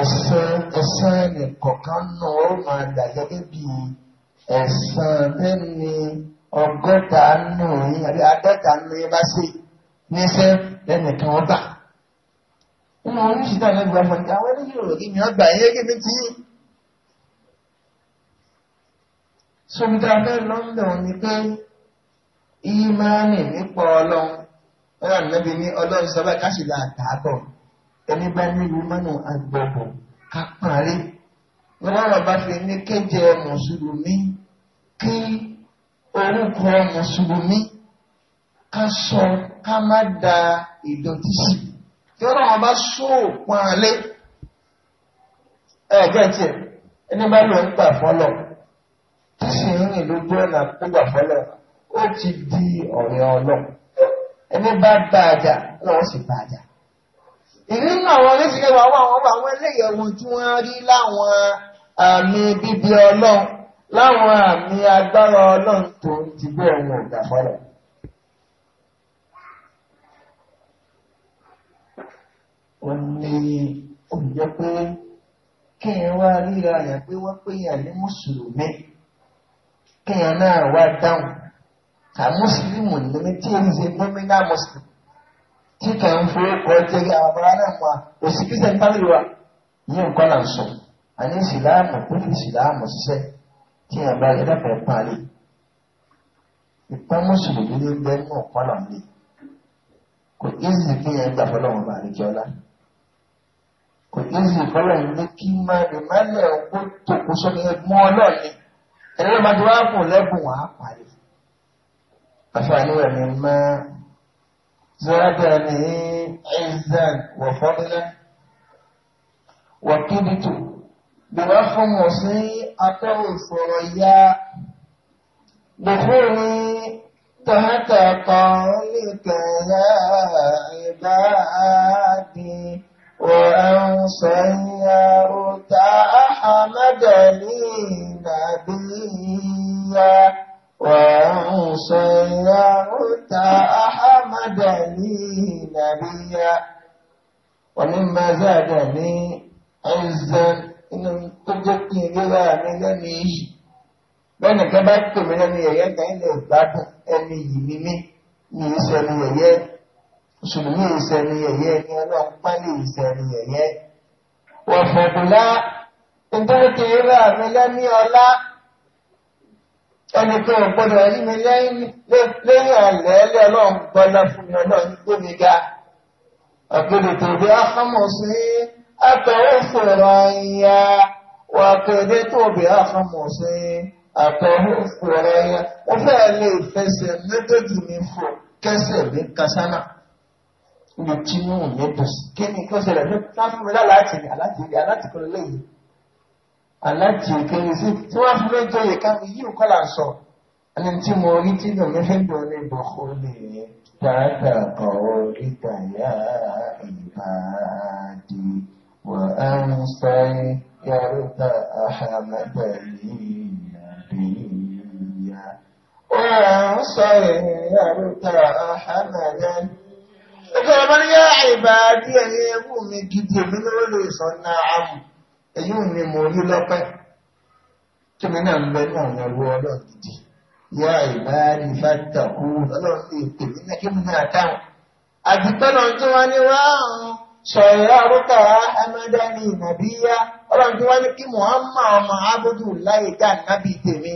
ẹ̀sán ẹ̀sán nìkọ̀ọ̀kan náà ó máa dà gẹ́gẹ́ bíi ẹ̀sán tẹ́ni ọgọ́ta nù yín àbí àádọ́ta nù yín bá ṣe níṣẹ́ lẹ́nìkan ọba. nínú oríṣi náà lẹ́nu ọmọ ìjà àwọn eléyìí rò kí mi ọgbà yín kí mi ti yín. sọmọdé abẹ́ ni pé ìmánì nípa ọlọ́run ẹ̀rọ níbi ní ọlọ́run sábà káṣí là àtàkọ̀ ẹni bá nílùú mọ́nà àgbọ̀bọ̀ kápárí. wọ́n wọ́n bá fi ní kéje mùsùlùmí kí orúkọ mùsùlùmí ká sọ ká má da ìdọ̀tí sí kí ọlọ́run bá sóòpọn alẹ́ ẹ̀ẹ́gẹ́ tiẹ̀ ẹni bá lọ ń gbà fọ́lọ̀ tí sì ń rìn lójú ọ̀nà tó gbà fọ́lọ̀ ó ti di ọ̀rẹ́ ọlọ́run ẹni bá bá àjà ọlọ́run sì bá àjà ìrínú àwọn oníṣẹ́ wa wà wọ́n bá wọn ẹlẹ́yẹ̀wò tí wọ́n rí láwọn àmì bíbí ọlọ́run láwọn àmì agbára ọlọ́run tó ń ti bẹ́ẹ̀ wọn ò gbà fọ́lẹ̀. wọ́n ní olùjẹ́ pé kéèyàn wá ríra rẹ̀ pé wọ́n pé yàn ní mùsùlùmí kéèyàn náà wá dáhùn kà mùsùlùmù ní tí èyí ṣe gómìnà mùsùlùmù tí kà ń fi ọkọ̀ jẹ́gẹ́ àwọn ọmọ òsì kí sẹ́ńtálì wa yìí nǹkan là ń sọ àní ìsìláàmù tó fi ìsìláàmù ṣiṣẹ́ tí ẹ̀gbá rẹ̀ dẹ́kọ̀ọ́ parí ìpọ́n mùsùlùmí ní bẹ́ẹ̀ mú ọ̀pọ̀lọ̀ mi kò ízì kí yẹn gbà fọlọ́run bá àríkẹ́ ọlá kò ízì fọlọ́run ní kí máa lè má lẹ̀ ọkọ́ tòkó sọ́ni ẹgbọ́n ọlọ́ọ̀ni ẹ̀rọ máa ti wá bù lẹ́bùn wàá parí àfààní rẹ̀ ní máa زادني عزا وفضلا وكدت برقم أقوم فريا دخولي تحت قولك يا عبادي وأن صيرت أحمد لي نبيا وأن صيرت أحمد لي نبيا ومما زادني عزا inú tó jẹ́ kí n lé lára mi lẹ́nu yìí lẹ́nu kan bá pè mí lẹ́nu yẹ̀yẹ́ kan ilẹ̀ ìgbádùn ẹni yìí ni mí ní ìsẹ̀nu yẹ̀yẹ́ mùsùlùmí ìsẹ̀nu yẹ̀yẹ́ ni ọlọ́run pálí ìsẹ̀nu yẹ̀yẹ́ wọ́n fọ̀dùlá nítorí kí n lé àmì lẹ́nu ọlá ẹni tó ń gbọ́dọ̀ rí mi lẹ́yìn àlẹ́lẹ́ ọlọ́run gbọ́dọ̀ fún mi ọlọ́run gbé mi ga ọ̀gbẹ́dẹ̀ tòbí áhámọ̀ أفغفريا وقدت بأخمصي أفغفريا mo fẹ́ lè fẹsẹ̀ méjèèjì mi fò kẹsẹ̀ mi kasánà lè jí mú mi dùn kí ni kí ó ṣẹlẹ̀ ní káfíńmílá láti ní aláti ní aláti kọ́ lẹ́yìn aláti ìkẹyìn sí tí wọ́n fi méjọ yìí ká mi yíò kọ́ là ń sọ ẹni tí mo rí tí dùn mí fi ń dùn ní ìbọ̀kọ́ lè dáadáa kọ́ orí gbàyà ìbàdí. وأنصي يرضى أحمد لي نبيا وأنصي يرضى أحمد Ìjọba yá ìbàdí ẹ̀yẹ ẹ̀kú mi gidi èmi ló lè sọ náà àmù. Èyí ò ní mo rí lọ́pẹ́. Kíni náà ń bẹ náà lọ́wọ́ ọlọ́run gidi. Yá ìbàdí fàtàkù ọlọ́run lè pè mí náà kí mi náà dáhùn. Àdìpẹ́ náà tí wọ́n ní wá ọ̀hún sọ̀rọ̀ àrúkà ẹmẹ́dá ní ìnàbíyá ọlọ́run tí wọ́n ní kí Muhammad ọmọ abudu láyé dá nábì tèmi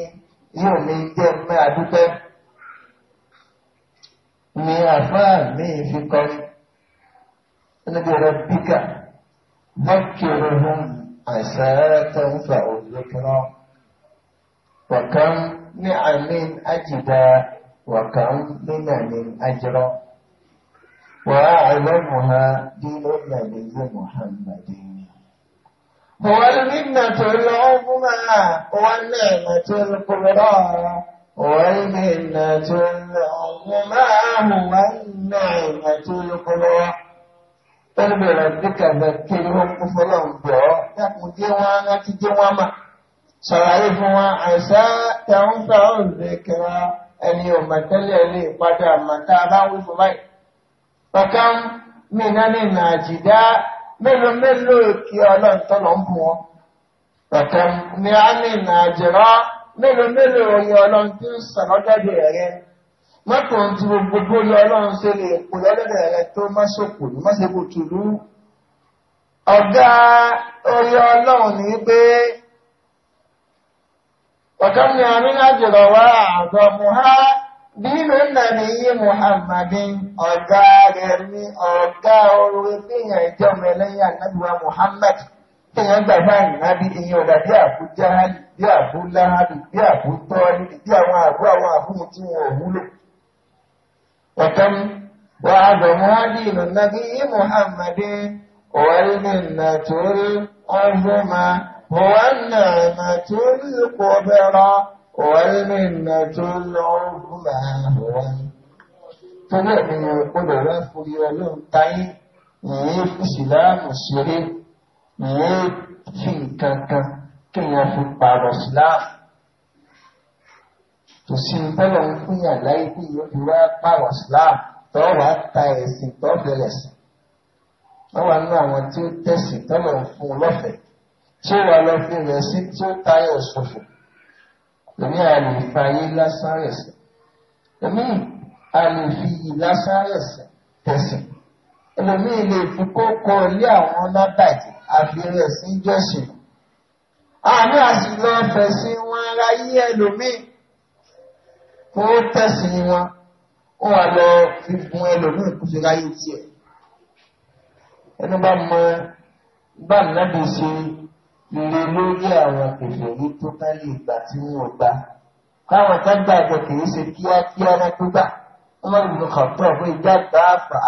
yóò ní jẹ́ mẹ́ àdúpẹ́ ní àfáà ní ìfikọrin níbi rẹ̀ bíkà bọ́kìrì hún àṣàrà tó ń fa òzòkìrọ̀ wọ̀kan ní àmì àjìdá wọ̀kan ní àmì àjìrọ̀. وأعلمها دين النبي محمد هو المنة العظمى والنعمة الكبرى والمنة العظمى هو النعمة الكبرى Ẹgbẹ́ rẹ̀ dúkà bẹ kí wọ́n kú fọlọ́n bọ̀ ọ́ dákun jẹ́ wọn láti jẹ́ wọn mà. Ṣàlàyé fún wa àṣà tẹ̀ ń fẹ́ òrùlé kẹwàá ẹni ò mà tẹ́lẹ̀ lè padà mà tá a bá wí fún báyìí. kankan mìíràn nínú àjìdá mélòó mélòó ki ọla tọ́lọ̀ ń bù wọn kankan na àmìnà melo mélòó mélòó oyin ọlọ́run tí ń sàn lọ́dọ̀dọ̀ rẹ gbogbo oyin ọlọ́run ṣe lè pò lọ́dọ̀dọ̀ rẹ ha. bíbélàníyí muhammadin ọ̀gá rẹ̀ ní ọ̀gá orí fíyàn ìjọ mẹ́lẹ́yìn anábìwá muhammad fíyàn gbàgbá ìnábì ìyẹn ọ̀gá bí àbújá bí àbúláhàbì bí àbútọ́ bí àwọn àbú àwọn àbúmu tí wúlò. wà á bọ̀ muhammadin nàbí muhammadin wàlmínàtúrì ọ̀gbọ́n ma wọ́n والمنة العظمى هو torí ẹ̀mí olùrẹ́ forí ọlọ́run táyé ìyẹn ìsìláàmù ṣeré ìyẹn fi nǹkan kan kéèyàn fi pààrọ̀ ìsìláàmù kò sí tọ́lọ̀ ń fúnyà láyé bí yóò fi wá pààrọ̀ ìsìláàmù tó wàá ta ẹ̀sìn tó bẹ̀rẹ̀ sí wọ́n wà nínú àwọn tí ó tẹ̀sìn tọ́lọ̀ ń fún un lọ́fẹ̀ẹ́ tí ó wà lọ́fẹ̀ẹ́ rẹ̀ sí tí ó tayọ̀ ṣòfò. Èmi a lè fa ayé lásán ẹ̀sẹ̀. Èmi a lè fi iyì lásán ẹ̀sẹ̀ tẹ̀sìn. Èmi lè fi kókó ilé àwọn ọlábàjẹ́ àfihàn ẹ̀sìn jọ́sìn. Àmì àsìlọ fẹ̀sìn wọn ráyé ẹlòmíì. Kó tẹ̀sìn wọn, ó wà lọ fi gun ẹlòmíì kó fi ráyé tiẹ̀. Ẹnu bá mọ bá nàbì ṣe ire lórí àwọn kèfèrí tó bá lè gbà tí wọn ò gbà káwọn tá gbàgbọ́ kì í ṣe kíákíá náà tó gbà wọn máa ń lu kọ̀ọ̀tọ̀ fún ìjà àgbà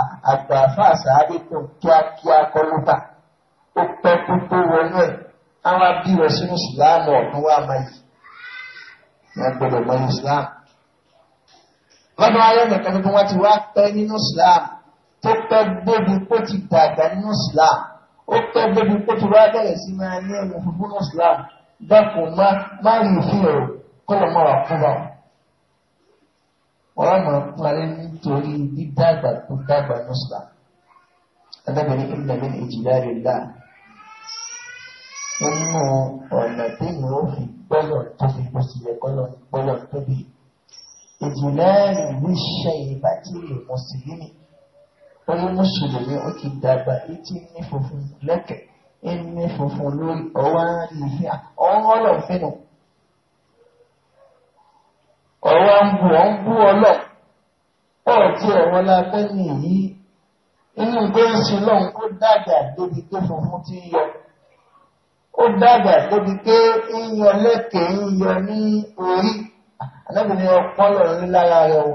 àfa àṣàáde tó kíákíá kọ́ ló gbà ó pẹ́ tó tó wọnú ẹ̀ àwọn abíwọ sínú ìsìláàmù ọ̀tún wà máa yìí ní agbọ́dọ̀ mọ́ ìsìláàmù. lọ́dọ̀ ayé nìkan tó wọ́n ti wá pẹ́ nínú ìsìláàmù tó pẹ́ gbógun kó ti dàgbà nínú ìsìláàmù ó pẹ́ débi pé tí wàá bẹ̀rẹ̀ sí máa ní ẹ̀mí fúnfún islam dákun má má rí òfin ẹ̀rọ kó lọ́ máa wà fún wa. wọ́n máa parí nítorí dídàgbà tó dàgbà ní islam. adábẹ̀rẹ̀ ìlànà ní ìjìlá rẹ̀ là nínú ọ̀nà téèyàn ó fi gbọ́dọ̀ tó fi kó sílẹ̀ gbọ́dọ̀ tó bí ìjìlá rẹ̀ wíṣẹ́ ìbátí ìmọ̀sílẹ̀ wọ́n ní mùsùlùmí ó ti dàgbà etí ní funfun lẹ́kẹ̀ ní funfun lórí ọwọ́ àlùfíà ọwọ́ ọlọ́ọ̀fẹ́ nù ọwọ́ ń bu ọ̀ ń bú ọlọ́ ọ̀tí ẹ̀wọ́n lápẹ́ nìyí inú gbẹ́sì náà ó dàgbà débi pé funfun ti yọ ó dàgbà débi pé ń yọ lẹ́kẹ̀ẹ́ ń yọ ní orí ànábìnrin ọpọlọ ńlára rẹ o.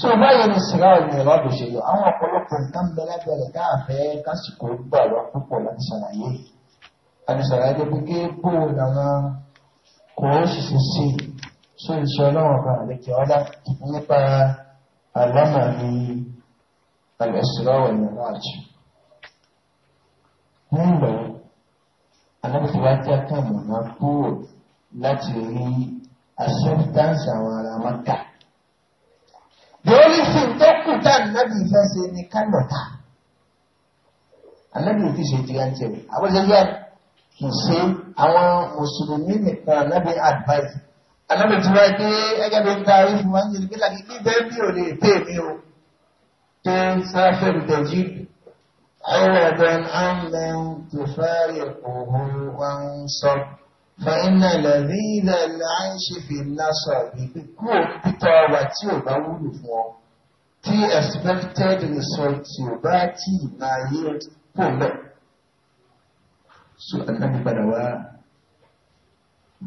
so báyìí ni sìgá ọ̀nà ẹ̀rọ ọ̀dọ̀ ṣe yọ àwọn ọ̀pọ̀lọpọ̀ nǹkan bẹ̀rẹ̀bẹ̀rẹ̀ káàfẹ́ kásìkò gbà wá púpọ̀ láti ṣàlàyé àti ṣàlàyé pé pé bó làwọn kò ó ṣiṣẹ́ sí so ìṣe ọlọ́run ọba àlejò ọlá nípa àlámà ní àgbẹ̀sọ̀rọ̀ ọ̀nà ẹ̀rọ àjò. ní ìlọ alábìsíwá jẹ́ kàmùnà kúrò láti rí acceptance àwọn ará máa kà. Bọ́ọ̀lì sì ń tọ́kù tá ànábì fẹ́ ṣe ni kánọ̀tà. Ànábì ò fi ṣe ti rántí ẹ̀rọ. Àwọn ìṣẹ́jọ́ kì í ṣe àwọn mùsùlùmí nìkan ànábì advice. Ànábì ti wáyé pé ẹgbẹ́ mi ń ta orí fún wa ń yẹ nígbà kí mi ò lè pè mí o. Ṣé sáfẹ́ ìtẹ̀jú عوضا عمن تفارقه وانصب فإن لذيذ العيش في النصر kúrò pítọ̀ wà tí ò bá wúlò fún ọ tí expected result tí ò bá tí ì máa yé pò lọ. so alábi padà wá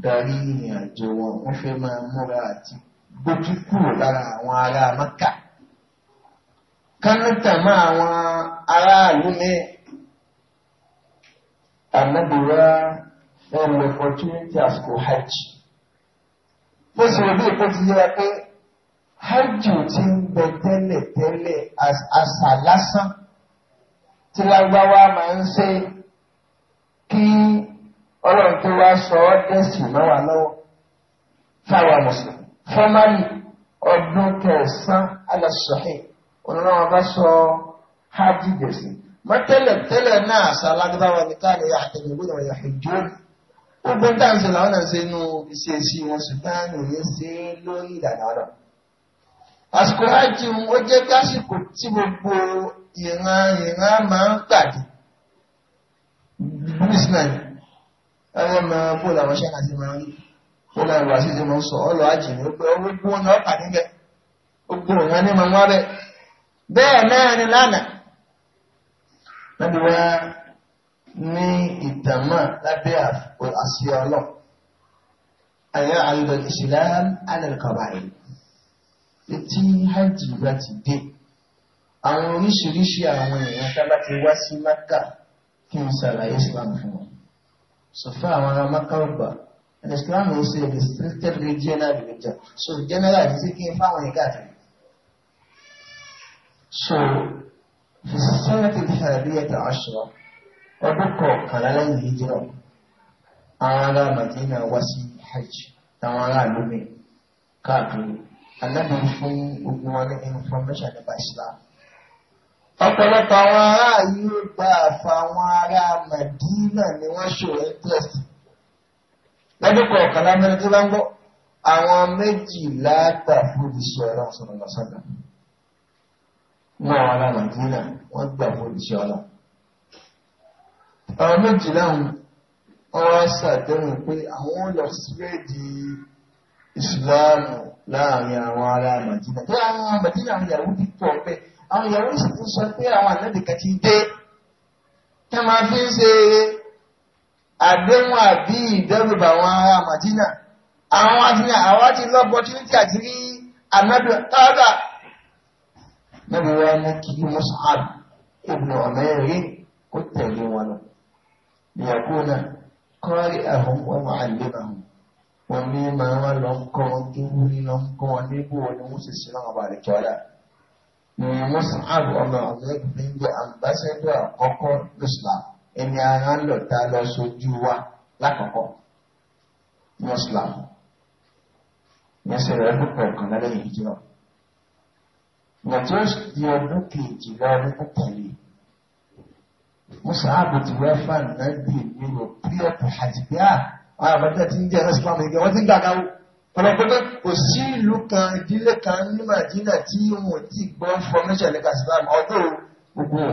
darí ìrìn àjò wọn wọ́n fẹ́ máa múra àti gbójú kúrò lára àwọn ará Mẹ́kà. kánútà máa àwọn aráàlú ní ànábìwá ẹ lọ opportunity àsìkò hajj mo sì rò bí ìpín ti yẹra pé hajj ti ń bẹ tẹ́lẹ̀ tẹ́lẹ̀ àṣà lásán tí lágbáwá máa ń ṣe kí ọlọ́run tó wá sọ ọ́ dẹ̀sìn mọ́ wa lọ́wọ́ fáwọn mùsùlùmí fọ́málì ọdún kẹsàn-án aláṣọ́hìn ọlọ́run ọba sọ hajj dẹ̀sìn mọ́tẹ́lẹ̀ tẹ́lẹ̀ náà àṣà lágbáwá ni yàtọ̀ ìgbóná yàtọ̀ ìjọ́ni gbogbo ń dáhùn sí làwọn náà ṣe inú iṣẹ́ sí wọn ṣùgbọ́n ìyẹn ṣe é lórí ìlànà ọ̀nà. àsìkò hajj ó jẹ́ kásìkò tí gbogbo ìran ìran máa ń pàdé business ẹwọ́n máa bó làwọn ṣẹ́ka sí máa ń rí bó làwọn ìwà sí ti máa ń sọ ọlọ́ hajj ní pé gbogbo wọn náà pàdé bẹ́ẹ̀ gbogbo ìran ní máa ń bẹ́ẹ̀ náà ni lánàá. ní ìtàmà lábẹ́ àṣẹ ọlọ́run àyà àlùbọ̀ ìṣìlám alẹ́kọ̀ọ́bà yìí etí hajj bá ti dé àwọn oríṣiríṣi àwọn èèyàn sábà ti wá sí maka kí n ṣàlàyé islam fún wọn sọfẹ́ àwọn ará maka ọgbà and islam is a restricted regional religion so general ti kí n fáwọn ìgbà tó so في السنة الحادية عشرة ọdún kọ̀ọ̀kànlá lẹ́yìn hijira àwọn ará madina wá sí hajj táwọn ará lómi káàkiri alábi fún gbogbo wọn ní information nípa islam ọ̀pọ̀lọpọ̀ àwọn ará yìí gba àfa àwọn ará madina ni wọ́n ṣòro interest lọ́dún kọ̀ọ̀kànlá mẹ́rin tó gbọ́ àwọn méjìlá gbà fún ìṣẹ́ ọlọ́run sọ̀rọ̀ wọn ará madina wọ́n gbà fún ìṣẹ́ ọlọ́run àwọn méjì láwọn ọwọ́ ṣàdéhùn pé àwọn lọ síréèdì ìsìláàmù láàrin àwọn ará màdínà tó àwọn màdínà àwọn ìyàwó ti pọ̀ pé àwọn ìyàwó sì ti sọ pé àwọn àlẹ́dẹ̀kẹ́ ti dé tá máa fi ń ṣe àdéhùn àbí ìdẹ́rùbà àwọn ará màdínà àwọn àtìyàn àwọn ti lọ opportunity àti rí ànádù tààdà náà wọ́n ní kí Mus'ab ibn Umair kó tẹ̀lé wọn lọ. ليكون قارئهم ومعلمهم wọ́n ní máa wá lọ ń kọ́ wọn tó wú ní lọ ń kọ́ wọn níbò ni wọ́n sì sí náà bá lè tọ́lá ni wọ́n sì áàbò ọmọ ọ̀gbẹ́gbẹ́ ní gbé àmbásẹ́dọ̀ àkọ́kọ́ lọ́sùlá ẹni ara ń lọ ta lọ sójú wa lákọ̀ọ́kọ́ lọ́sùlá ní ẹsẹ̀ rẹ̀ púpọ̀ kan lálẹ́ yìí jọ. ìyàtọ̀ di ọdún kejì lọ́dún tó tẹ̀lé mùsàábù ti wẹ́ fà nàbì nínú píọ̀pù àjìbíà àwọn àbájá ti ń jẹ́ rẹ́sílámù ìgbà wọ́n ti ń gàgà wò ọlọ́pẹ́pẹ́ kò sí ìlú kan ìdílé kan ní màdínà tí wọn ti gbọ́ fọmẹ́ṣẹ̀ lẹ́ka sílámù ọdún gbogbo ń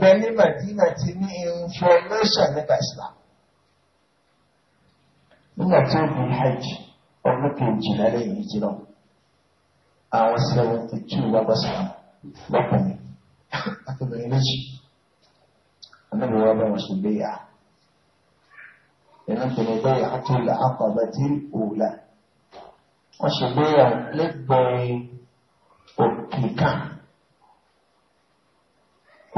bẹ ní màdínà ti ní information lẹ́ka sílámù nígbà tí ó bí hajj ọdún kejìlá lẹ́yìn ìjìnà àwọn seventy two wàgbà sílámù lọ́kùnrin àtọ́bìnrin méjì anábì wa bá wọn ṣe gbéyà ẹ̀rọ tó lọ báyà tó lọ àpàbà tí òòlà wọ́n ṣe gbéyà lẹ́gbọ̀nrin òkè kan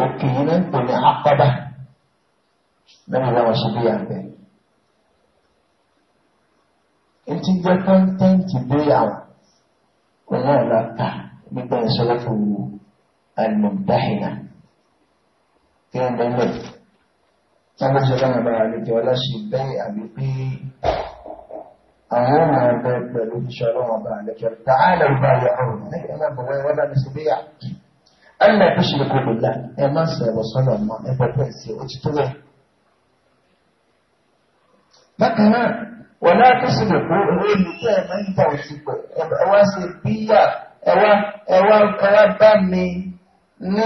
òkè yìí náà ń pè ní àpàbà náà wọ́n wọ́n ṣe gbéyà مما يسلكه الممتحنة يا محمد أنا سلام عليك ولا شبه أبيقي أهانا بيت بلوك شلوم عليك تعالى البايعون أي أنا بوي ولا نسبيع ألا تشرك بالله يا ماسى وصلى الله إبا بيسي وجتوه بكنا ولا تشركوا غير الله من توسيقه أواسي بيا ẹwà ẹwà nǹkan bá mi ní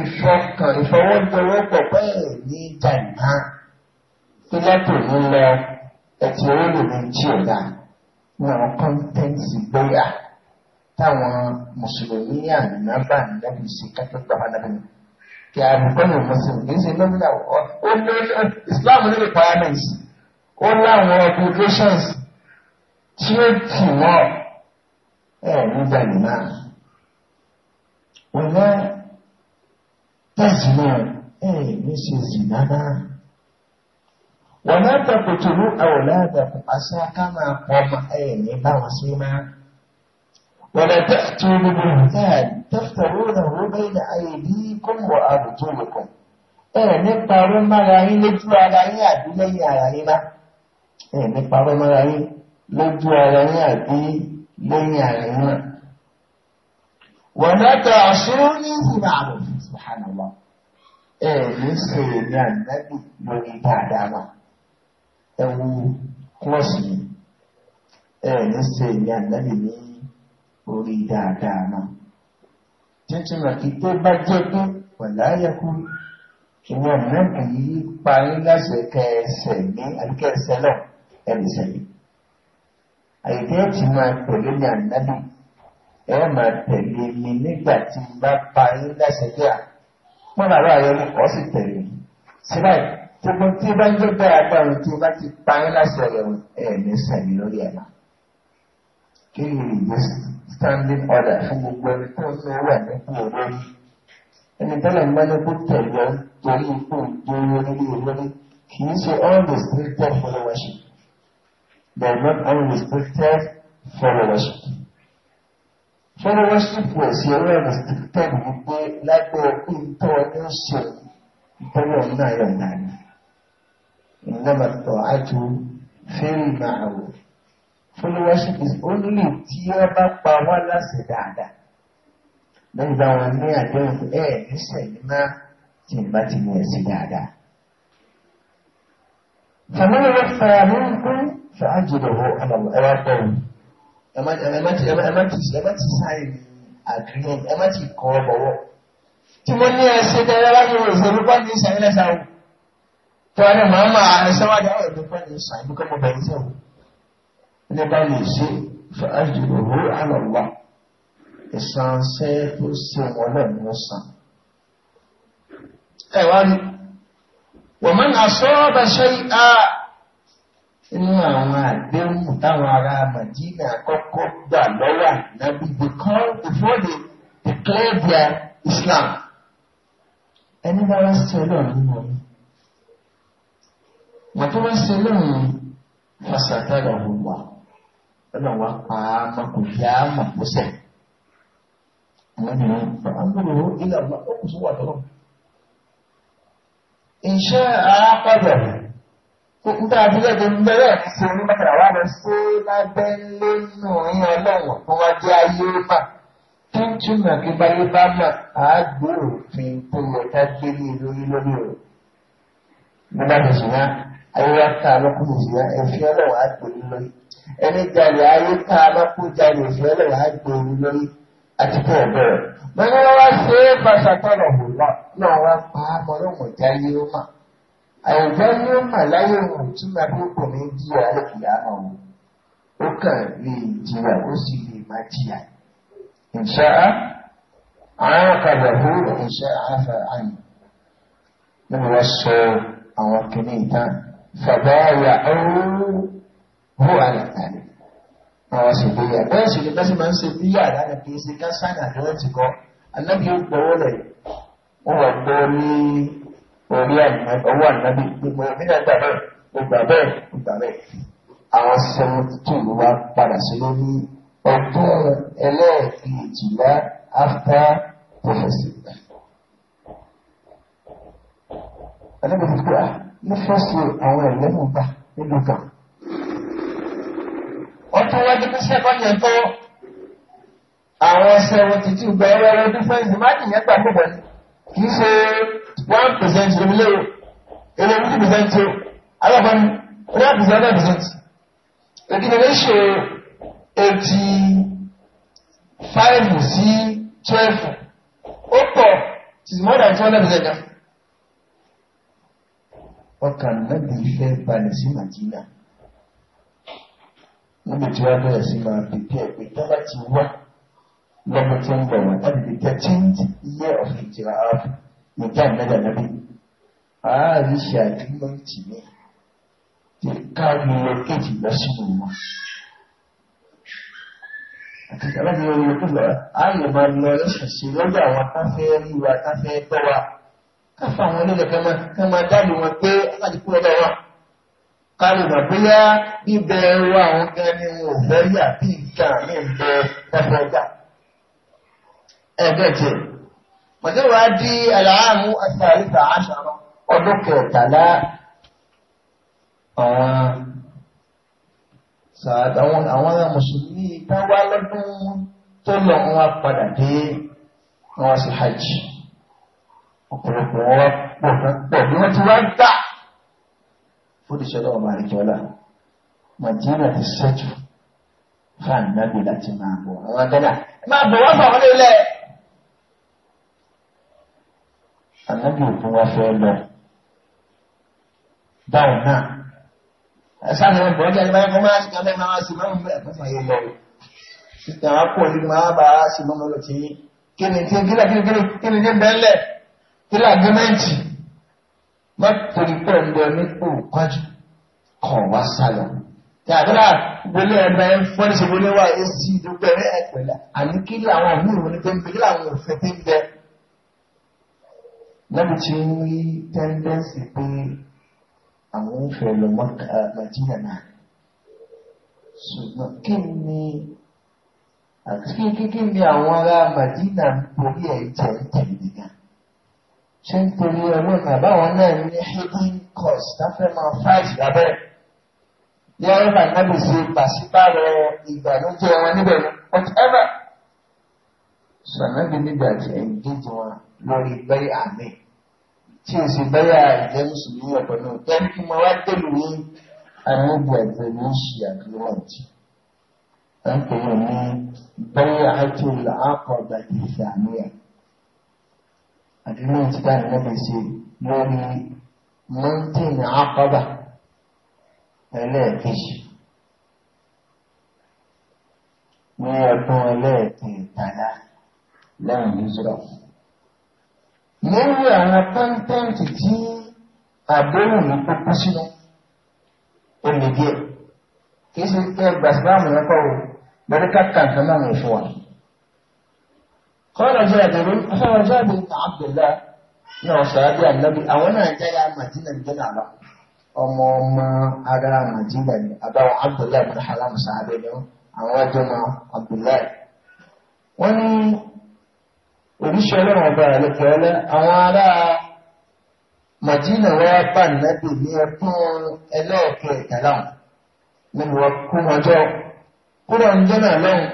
ìfọkàn ìfọwọ́jọwọ́pọ̀ bẹ́ẹ̀ ní jàǹdà tó látò ní lọ ẹtì owó lè ní tí ò dá ní àwọn kọ́ńtẹ́ǹtì gbóyà táwọn mùsùlùmí àná bá nàbì sí kápẹ́tà fanabi kí àbùkọ́nù mùsùlùmí kì í ṣe lọ́mìnà ó ní Islam ní requirements ó láwọn obligations tí ó tì wọ́n ẹ̀rí jáde náà wọ̀nyá tẹ̀sílẹ̀ ẹ̀rí ṣe zìnà náà wọ̀nyá tẹ̀kùtùrú àwòlá àtẹ̀kù àṣà ká máa pọ̀ ọmọ ẹ̀rí báwọn sí máa wọ̀nyá tẹ̀kùtùrú gbogbo ìtẹ́ tẹ̀kùtùrú náà wọ́n bẹ́ẹ̀ ní àyèdí kọ́mọ̀ àrùtúrùkùn ẹ̀ nípa ọ̀rọ̀ mára yín lójú ara yín àbí lẹ́yìn ara yín bá ẹ̀ nípa ọ̀rọ̀ mára yín lójú ara yín àbí gbómiàríwọ̀n wọ̀nàtà ṣúrú ní ìhìnà àrùn subhanallah ẹ̀ ní ṣe èmi ànábì lórí dáadáa mà ẹ wo klọ́ọ̀sì yìí ẹ̀ ní ṣe èmi ànábì ní orí dáadáa mà títí mà kí tó bá jẹ́ pé wọ̀lá yẹku ìwọ̀n náà kì í parí láṣẹ kẹsẹ̀ ní àbíkẹsẹ̀ náà ẹ̀ lè sẹ́yìn àyíkẹ́ ti máa tẹ̀lé ní ànábì ẹ máa tẹ̀lé mi nígbà tí mo bá pa yín lẹ́sẹ̀ bí à wọ́n làwọn àyẹ̀ mi kọ́ sì tẹ̀lé síbà gbogbo tí bá ń jẹ́ bẹ́ẹ̀ agbára tí o bá ti pa yín lásìkò rẹ̀ ẹ̀ ní sàmì lórí ẹ̀ náà kí ni ìgbé standing order fún gbogbo ẹni tó ń lọ wà nípò olórí ẹni tẹ́lẹ̀ ń gbẹ́ni kó tẹ̀lé torí ipò ìgbé olórí olórí kì í ṣe all the street of followership but not unrestricted followership. Followership was yẹ̀wọ́ restricted wípé lábẹ́ òkú ìtọ́ ní ṣe ìtọ́wọ̀ náà yọ̀ǹda ni. Ìjọba tọ̀ àjò fẹ́rì máa wò. Followership is only tí wọ́n bá pa wá láṣẹ dáadáa. Lẹ́yìn bá wọn ní àdéhùn ẹ̀ níṣẹ̀ ní máa tì bá ti mú ẹ̀sìn فمن يوفى منكم فأجره على الله ẹ má ti ẹ má ti ẹ má ti sign agreement ẹ má ti kọ́ ọ bọ̀wọ́ tí mo ní ẹsẹ̀ tẹ́lẹ̀ láti wọ ìṣòro bá ní ìṣàyẹn lẹ́sà o tí wọ́n ní màmá ẹsẹ̀ wájú àwọn ẹ̀dùn bá ní ìṣàyẹn kọ́ mọ́ bẹ̀rẹ̀ sẹ́wọ̀ ní bá lè ṣe fún àjùmọ̀ owó àlọ́wà ìṣànṣẹ́ tó ṣe wọn ní ọ̀sán. ẹ wá ní wọ̀mọ́n àṣọ́ọ̀bà ṣe à inú àwọn àdéhùn táwọn ará Madina kọ́kọ́ gbà lọ́wọ́ ànábì before they declare their Islam ẹni bá wá sí ọlọ́run nínú ọdún wọ́n tó wá sí ọlọ́run fasadára ọ̀hún wa ọlọ́run wa pa á mọ́ kò fi á mọ̀ kó sẹ̀ wọ́n ní ó kù sí wà lọ́rùn ìṣe àápàdàrà níta àbílẹ̀dẹ̀ mẹ́rẹ̀ ní ṣe onímọ̀tàrà wà lọ sí lábẹ́lé nù ní ọlọ́wọ̀n fún wa jẹ́ ayé mà tí ń túmọ̀ kí báyé bá mọ̀ àágbé òfin tó yẹ ká gbé ní lórí lórí rẹ̀. nígbà tó ṣùgbọ́n ayé wa ká lọ́kùnrin ṣùgbọ́n ẹ̀fín ọlọ́wọ̀n á gbé lórí ẹni jalè ayé ká lọ́kùnrin jalè ẹ̀fín ọlọ́wọ̀n á gbé lórí àti bẹ́ẹ̀ bẹ́ẹ̀. wọ́n ní wọ́n wá ṣe é pàṣàtọ̀rọ̀ bò wá náà wá pa á mọ́rọ́ mọ̀ jáyé ó mà. àìjọ ní ó mà láyé òun túmọ̀ bí kò ní jíra lókìá náà o. ó kàn lè jíra ó sì lè má jíra. ìṣá àwọn kàgbà fún ìṣe àáfà àyè. nínú wọ́n sọ àwọn kìnnìkan fàbáyà ó hó àlàkàlẹ̀ wọn ṣe gbéyà bẹ́ẹ̀ ṣe ni bẹ́ẹ̀ ṣe máa ń ṣe bí yàrá ni kì í ṣe ká sáyìn àdéhùn ti kọ́ anábì ó gbọ́wọ́ lẹ̀ wọ́n wà gbọ́ ní orí ọwọ́ ànábì gbogbo nígbà gbà bẹ́ẹ̀ gbogbo bẹ́ẹ̀ gbogbo bẹ́ẹ̀ àwọn seventy two ló wá padà sí lórí ọdún ẹlẹ́ẹ̀kejìlá after prophecy. anábì ti kúrò ah, ní fọ́ọ̀sì àwọn ẹ̀lẹ́mùgbà nínú kan ó tún wájú kí sẹ́kọ̀ndì tó àwọn seventy two gba ẹrẹ́rẹ́ dífẹ́ǹsì máàkì yẹn gbà púpọ̀ kì í ṣe one percent lórílẹ̀ o èrè two percent o alábọ̀n three percent one percent èkìtì lè ṣe eighty five sí twelve ó pọ̀ sí more than two hundred percent náà ọkàn náà lè fẹ́ balẹ̀ sí nàìjíríà níbi tí wọ́n bẹ̀rẹ̀ sí máa pèpè ẹ̀pẹ́ tó bá ti wá lọ́mọ tó ń bọ̀ wọ́n láti The thirteenth year of ìjìlá áàfù nígbà mẹ́ta lẹ́bí ààrẹ ṣe àgbẹ̀mọ́ǹtì mi ti káàmù lọ kéjì lọ sínú wọn. àti aláàbí wọn lọ kúlọ ààyè máa lọ lọ́sàn sí lọ́dọ̀ àwọn káfẹ́ rí wa káfẹ́ tọ́ wa káfẹ́ àwọn onílẹ̀ kan máa dáàbò wọn pé aláàbí kúlọ̀ dọ̀ wà kálùmọ̀ bóyá bíbẹ ẹrú àwọn gan ni wọn ò fẹ́ yà bí nǹkan mi ń bẹ ẹfọ gbà. ẹgbẹ́ tiẹ̀ pẹ̀lú wa di aláàmú àtàlítà àṣà ọdún kẹtàlá àwọn sàtàwọn àwọn mùsùlùmí táwa lọ́dún tó lọ wọn padà dé wọn wá sí hajj ọ̀pọ̀lọpọ̀ wọn pọ̀ bí wọ́n ti wá gbà fúdíṣẹ́ lọ́wọ́ bá rí jọlá nàìjíríà ti ṣẹ́jú fáàní lágbè láti máa bọ̀ àwọn akẹ́dà máa bọ̀ wọ́n fà wọ́n lélẹ̀. ànábì òkun wa fẹ́ lọ báwo náà ẹ̀sán ni wọ́n bọ̀ ọjà ìbáyọ̀ kọ́ máa ṣìkà mẹ́rin máa ṣì máa ń bẹ̀rẹ̀ fún ìyẹn lọ. ìtàn àpọ̀ ní máa bá a ṣì máa ń lọ sí kí ni tí kí ni tí má torí pé ń bẹ nípò pájú kàn wá sálọ. Yàrá ìgbélé ẹ̀mẹ́ fún ẹ̀ṣẹ̀ wọlé wá èsì ìdúgbẹ́ ẹ̀ pẹ̀lẹ́ àní kí làwọn míì wọn ní pé ń bẹ kí làwọn òfin ti ń bẹ. Lẹ́bi ṣé ń torí ọlọ́run bàbá àwọn náà ní hidden cost láfẹ́ máa fight lábẹ́ yẹ́rẹ́bà nábì ṣe pàṣípààrọ̀ ìgbàlódé wọn níbẹ̀ ni whatever. sọ̀nàbí nígbà tí ẹ̀ ń díje wọn lórí bẹ́ẹ̀ àmì tí o sì bẹ́ẹ̀ àìjẹ́ mùsùlùmí ọ̀pọ̀ náà tẹ́lẹ̀ kí mo wá délù ní àmì ẹ̀jẹ̀ ní ṣì àgbéwọ̀ntì. ẹ̀ ń pè wọ́n ní bẹ́ẹ̀ àti ìlà àkọ́gbà ìṣàmì ẹ̀ àdéhùn tí táyà náà fẹ́ ṣe lórí mountain akọ́bà ẹlẹ́ẹ̀kejì ní ọdún ẹlẹ́ẹ̀kẹtàlá lẹ́yìn ìṣúra. lórí àwọn kọ́ńtẹ́ǹtì tí àdéhùn ní kókó sínú ó lè díẹ̀ kí ṣe kí ẹgbàá síláàmù yẹn kọ́ o lórí káàkiri kan قال جابر هو جابر بن عبد الله náà sàádé ànábì àwọn náà jáyà màdínà gbẹ́nà lọ ọmọ ọmọ ara màdínà ni àbáwọn abdullahi bin haram sàádé ni àwọn ọjọ́mọ abdullahi wọ́n ní oríṣi ọlọ́run ọba àlẹ́kẹ́ ọlẹ́ àwọn ará màdínà wọ́n bá nábì ní ẹkún ẹlẹ́ẹ̀kẹ́ ìtàláwọn nínú ọkùnrin ọjọ́ kúrò ń jẹ́ náà lọ́hùn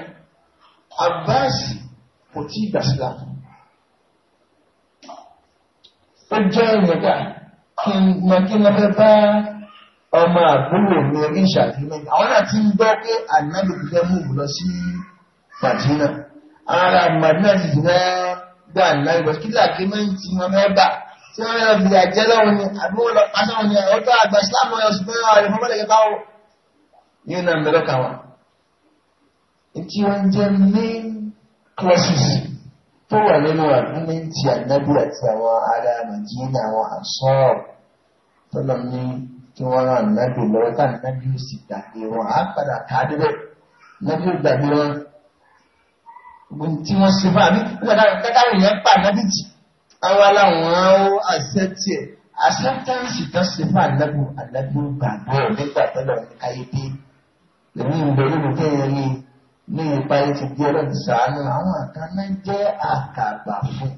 abbasi kò tí ìgbà sílá ó jẹ́ ìrẹ̀dà kí n mọ kí n lọ́fẹ́ bá ọmọ àbúrò mi rí ìṣàfihàn àwọn náà ti ń gbọ́ pé ànábì ti fẹ́ múùbù lọ sí Màdínà ara Màdínà ti fẹ́ gbà ànábì lọ kí làgbé máa ń ti wọn mẹ́bà tí wọ́n yọ bí àjẹ́ lọ́wọ́ ni àbí wọ́n ni ọjọ́ àgbà classes tó wà nínú àgbímẹ́ǹtì ànábì àti àwọn ará màjínà àwọn àṣọ́ọ̀ tọ́lọ ní kí wọ́n rán ànábì lọ́wọ́ tá ànábì ò sì gbàgbé wọn á padà ká débẹ̀ ànábì ò gbàgbé wọn gbogbo tí wọ́n ṣe fún àbí kẹ́kẹ́ yẹn pa ànábì jì àwọn aláwọn ó accept ẹ̀ acceptance tó ṣe fún ànábì ànábì ò gbàgbé nígbà tọ́lọ ní káyé dé lẹ́yìn ìgbẹ́ nínú kẹ́yìn rí i ní ipa yìí ti di ọlọ́run sàánú àwọn kan náà jẹ́ àkàbà fún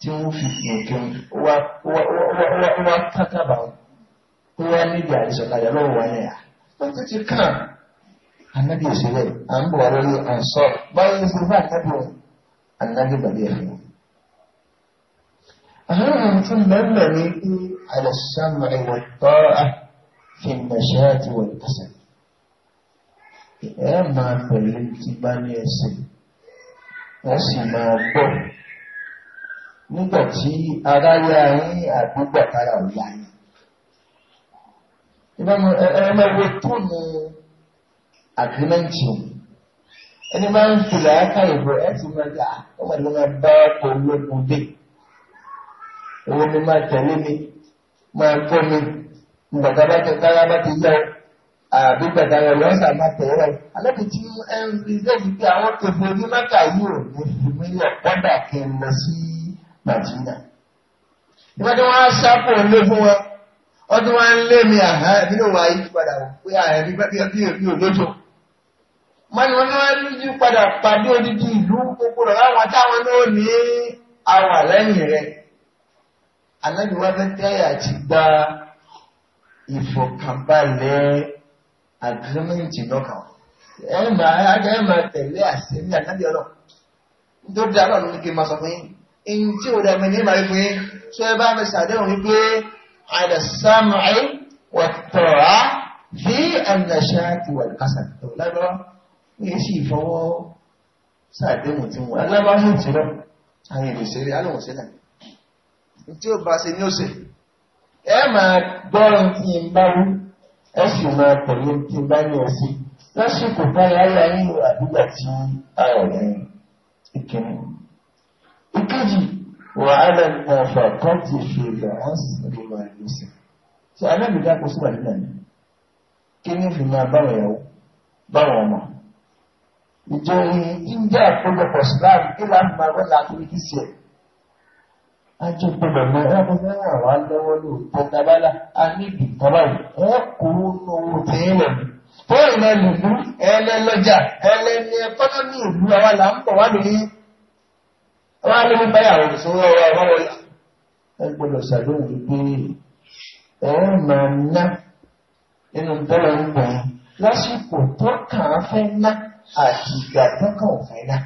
tí wọ́n fi nǹkan wá wá kákàbà ó wá níbi àìsàn láyà lọ́wọ́ wáyà yà wọ́n ti ti kàn anabi ìṣẹ̀lẹ̀ à ń bọ̀ wá lórí ànsọ́ báyìí ní sinimá anabi wọn anabi bàbá ẹ̀fọ́. àwọn tó mẹ́mẹ́ ní alẹ́ sàmì ìwọ̀tọ́ àfihàn ṣáàtì wọ̀ ìpàsẹ̀ ẹ máa pẹ̀lú tí bá ní ẹsẹ̀ wọ́n sì máa gbọ́ nígbà tí ara yá yín àdúgbò kára ò yá yín. ìbámu ẹ̀ẹ́mẹ́wé tó ní àgbẹ̀mẹ́ntì ẹni máa ń fi làákà ìbò ẹ̀ ti máa gbà ọmọ ìlú máa bá ọkọ̀ ológun dé owó mi máa tẹ̀lé mi máa gbọ́ mi ìgbàgbọ́ bá ti bá ti yá ọ àbí gbàdáyà lọ́wọ́ sàmà tẹ̀rẹ̀ alẹ́bi tí ẹnrìndé yìí pé àwọn kẹfẹ́ ní mẹ́ta yìí ò ní fìmílẹ̀ pọ́dà kí n lọ sí nàìjíríà. ìgbàdí wọn á sápò lé fún wọn ọdún wọn lé mi àhá ẹbí ló wà yìí padà wò pé àyẹ̀bí bẹ́ẹ̀ bí èmi ò lójó. mọ́ni wọn ni wọ́n lójú padà pàdé odidi ìlú gbogbo rẹ̀ láwọn táwọn náà ní àwà lẹ́yìn rẹ̀. alẹ́ ni wọ́n fẹ́ tẹ́yà ti gba agreement lọ́kàn ẹ máa ẹ máa tẹ̀lé àṣẹ ní àtàbí ọlọ́ tó dá lọ́nà ní kí n máa sọ fún yín in tí ò dàgbẹ́ ní ìmàrí fún yín tó ẹ bá mi sàdéhùn ní pé àdàsámàí wọ̀tọ̀rá fi àdàṣà ti wà lùkásà tó lágbọ́ ní èsì ìfọwọ́ sàdéhùn tí wọ́n alábá ní ìtìlọ́ àwọn èdè ìṣeré aláwọ̀ sílẹ̀ tí ó bá ṣe ní ọ̀sẹ̀ ẹ máa gbọ́rọ̀ tí ń bá wú ẹ sì máa tẹ̀lé tí bá ní ẹsẹ̀ lásìkò báyà láyé àdúgbà tí a ò rẹ̀ ìkíni. ìkejì wàhálà nàfà kan ti fi ìgbà wọn sì ní ìgbà ìlúsìn tí alábìdá kò síwà nígbà ní kí ní fi máa báwọn ẹ̀wọ̀ báwọn ọmọ ìjọ ìjẹ́ àkójọpọ̀ síláàmù kí láàmú máa wọ́n láàkúrí kí sí ẹ̀ ajọ gbọ́dọ̀ mọ ẹ bó fẹ́ ràn wá lọ́wọ́ lóòótọ́ tabala a níbi kaba yìí ẹ kó lówó tí ń lọ bí fóònù náà lùkú ẹlẹ́lọ́jà ẹlẹ́ni ẹkọ́nọ́mì ìlú àwa là ń bọ̀ wá lórí wá lórí báyàwó ìṣòro ọ̀rọ̀ ọ̀rọ̀ wọlé ẹ gbọ́dọ̀ ṣàdéhùn wípé ẹ máa ná nínú dọ́là ń bọ̀ lásìkò tó kàn án fẹ́ ná àti ìgbà tó kàn án fẹ́ ná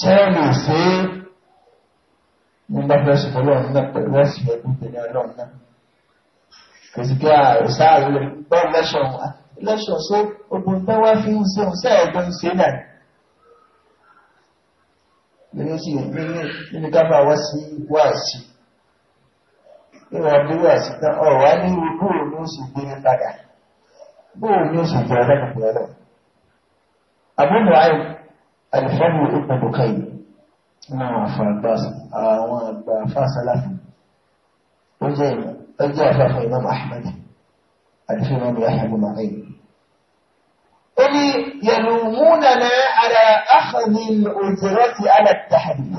ṣẹ́ẹ̀lì fẹ́ẹ́ ní bá fẹ́ ṣe fọlọ́ ọ̀nà pẹ̀lú ẹ̀sìn ẹ̀kú tẹ̀lé ọlọ́run náà kò sí pé ààrẹ ah, sáàrẹ rẹ̀ bọ́ lẹ́ṣọ̀n ah, lẹ́ṣọ̀n só ogun tó wá fi ń ṣe òun sẹ́ ẹ̀gbọ́n ń ṣe náà nínú sí nínú nínú káfà wá sí wáàsí ìwà bí wáàsí tán ọ̀rọ̀ á ní irú bóòlù ní oṣù gbé ní padà bóòlù ní oṣù gbé ọlọ́run pẹ̀lú àbúrò àìlù àlùfọ́ọ̀mù ìpàdùkà yìí ارجع في امام احمد في امام يحيى بن يلوموننا على اخذ الاجره على التحديث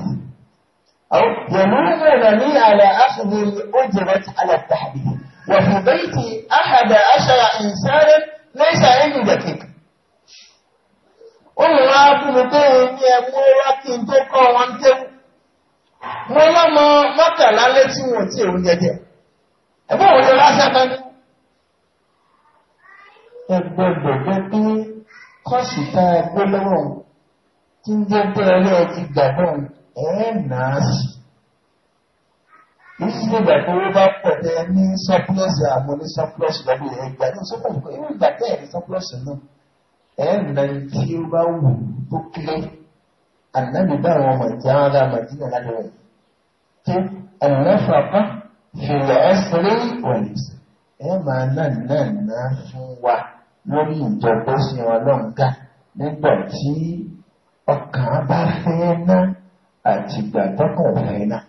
او يلومونني على اخذ الاجره على التحديث وفي بيتي احد اشرع انسان ليس عندك ó lè wá fún mi pé òun ní ẹmú wá kí n tó kọ́ wọn tẹ́wù mo lọ́mọ mọ́kànlá létí wọn tí èrò jẹjẹ ẹ̀fọ́ òun ló lásán kan ní. ẹ gbọ́dọ̀ jẹ́ pé kọ́ọ̀sì tá a gbé lọ́wọ́ tí ń jẹ́ pé ẹlẹ́ ti gbàgbọ́ ẹ̀ náà sí. Èyí ló gbà pé owó bá pọ̀ tẹ ní surplus àwọn oní surplus lọ́dún ẹ̀ gbà ní sọ́kùnrin kan ìwé ní surplus náà ẹ̀ẹ́nà tí ó bá wù tó kílẹ̀ ànábì bá àwọn ọmọ ìjà ńlá màdínà lánàá yìí tó ẹ̀rẹ́fàpá fìlẹ̀ ẹ̀sẹ̀rẹ́ wọ̀nyí ẹ̀ máa náà náà náà fún wa lórí ìjọba ṣe wọn lọ́nkà nígbà tí ọkàn bá fẹ́ náà àti ìgbà tọkàn fẹ́ náà.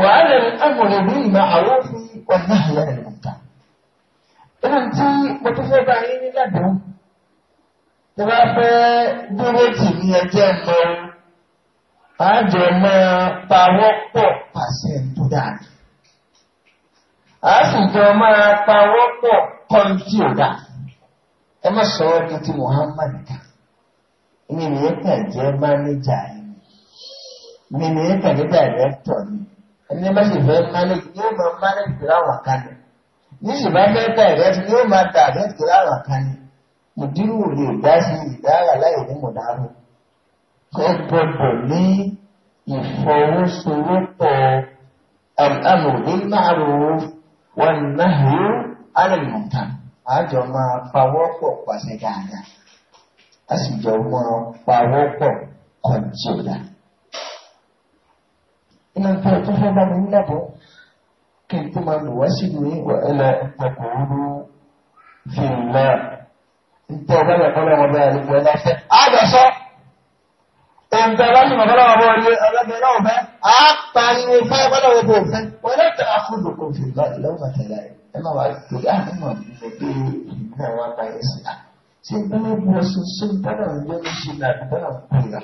وعلى الأمر بالمعروف والنهي عن Irú tí mo tún fẹ́ bá yín nílẹ̀ dùn. Tí wọ́n fẹ́ búrẹ́dì ní ẹjẹ́ mọ́, àjọ máa pawọ́ pọ̀ pàṣẹ tó dáa. A sì jọ máa pawọ́ pọ̀ kọ́ńtì ọ̀dà. Ẹ má sọ ọ́ di ti Muhammad kan. Èmi nìyẹn kàn jẹ́ mánéjà yìí. Èmi nìyẹn kàn jẹ́ dàrẹ́tọ̀ yìí. Ẹni bá sì fẹ́ mánéjì yóò máa mánéjì láwọn kan ní ìbá mẹ́ta ìrẹsì yóò máa ta àdẹ́tì láwọn kan ni mùdírù lè dá sí ìdára láì ní mùdárù ó gbọdọ̀ ní ìfọwọ́sowọ́pọ̀ àmọ̀dé márùn-ún wọn náà alẹ́mọ̀tà àjọ máa pawọ́pọ̀ pàṣẹ dáadáa a sì jọ máa pawọ́pọ̀ kọjọ́dá. ìlànà tó fẹ́ bá mi ń lẹ́bọ̀ọ́ kí n tó máa lù wá sí ní ẹ̀là ìtẹ̀kùnrú fi náà ntẹ ọba yẹ kọlẹ wọn bẹẹ lọgbọ ẹlẹ fẹ àgbẹsọ ntẹ lọsùn ọkọlẹ wọn bẹẹ lọgbọ ẹlẹ wọn bẹ àpàlù fẹ kọlẹ wọn bẹẹ fẹ wọn lè tẹ akóso kó fi lọ ilé wọn tẹ́lẹ̀ ẹ má wà lórí àwọn ọmọ mi lè dé ìdílé wọn bá yẹ sí i ṣé bẹlẹ bí wọn sọ ṣé bẹlẹ ń yẹ lóṣù náà bẹlẹ ń kórìíra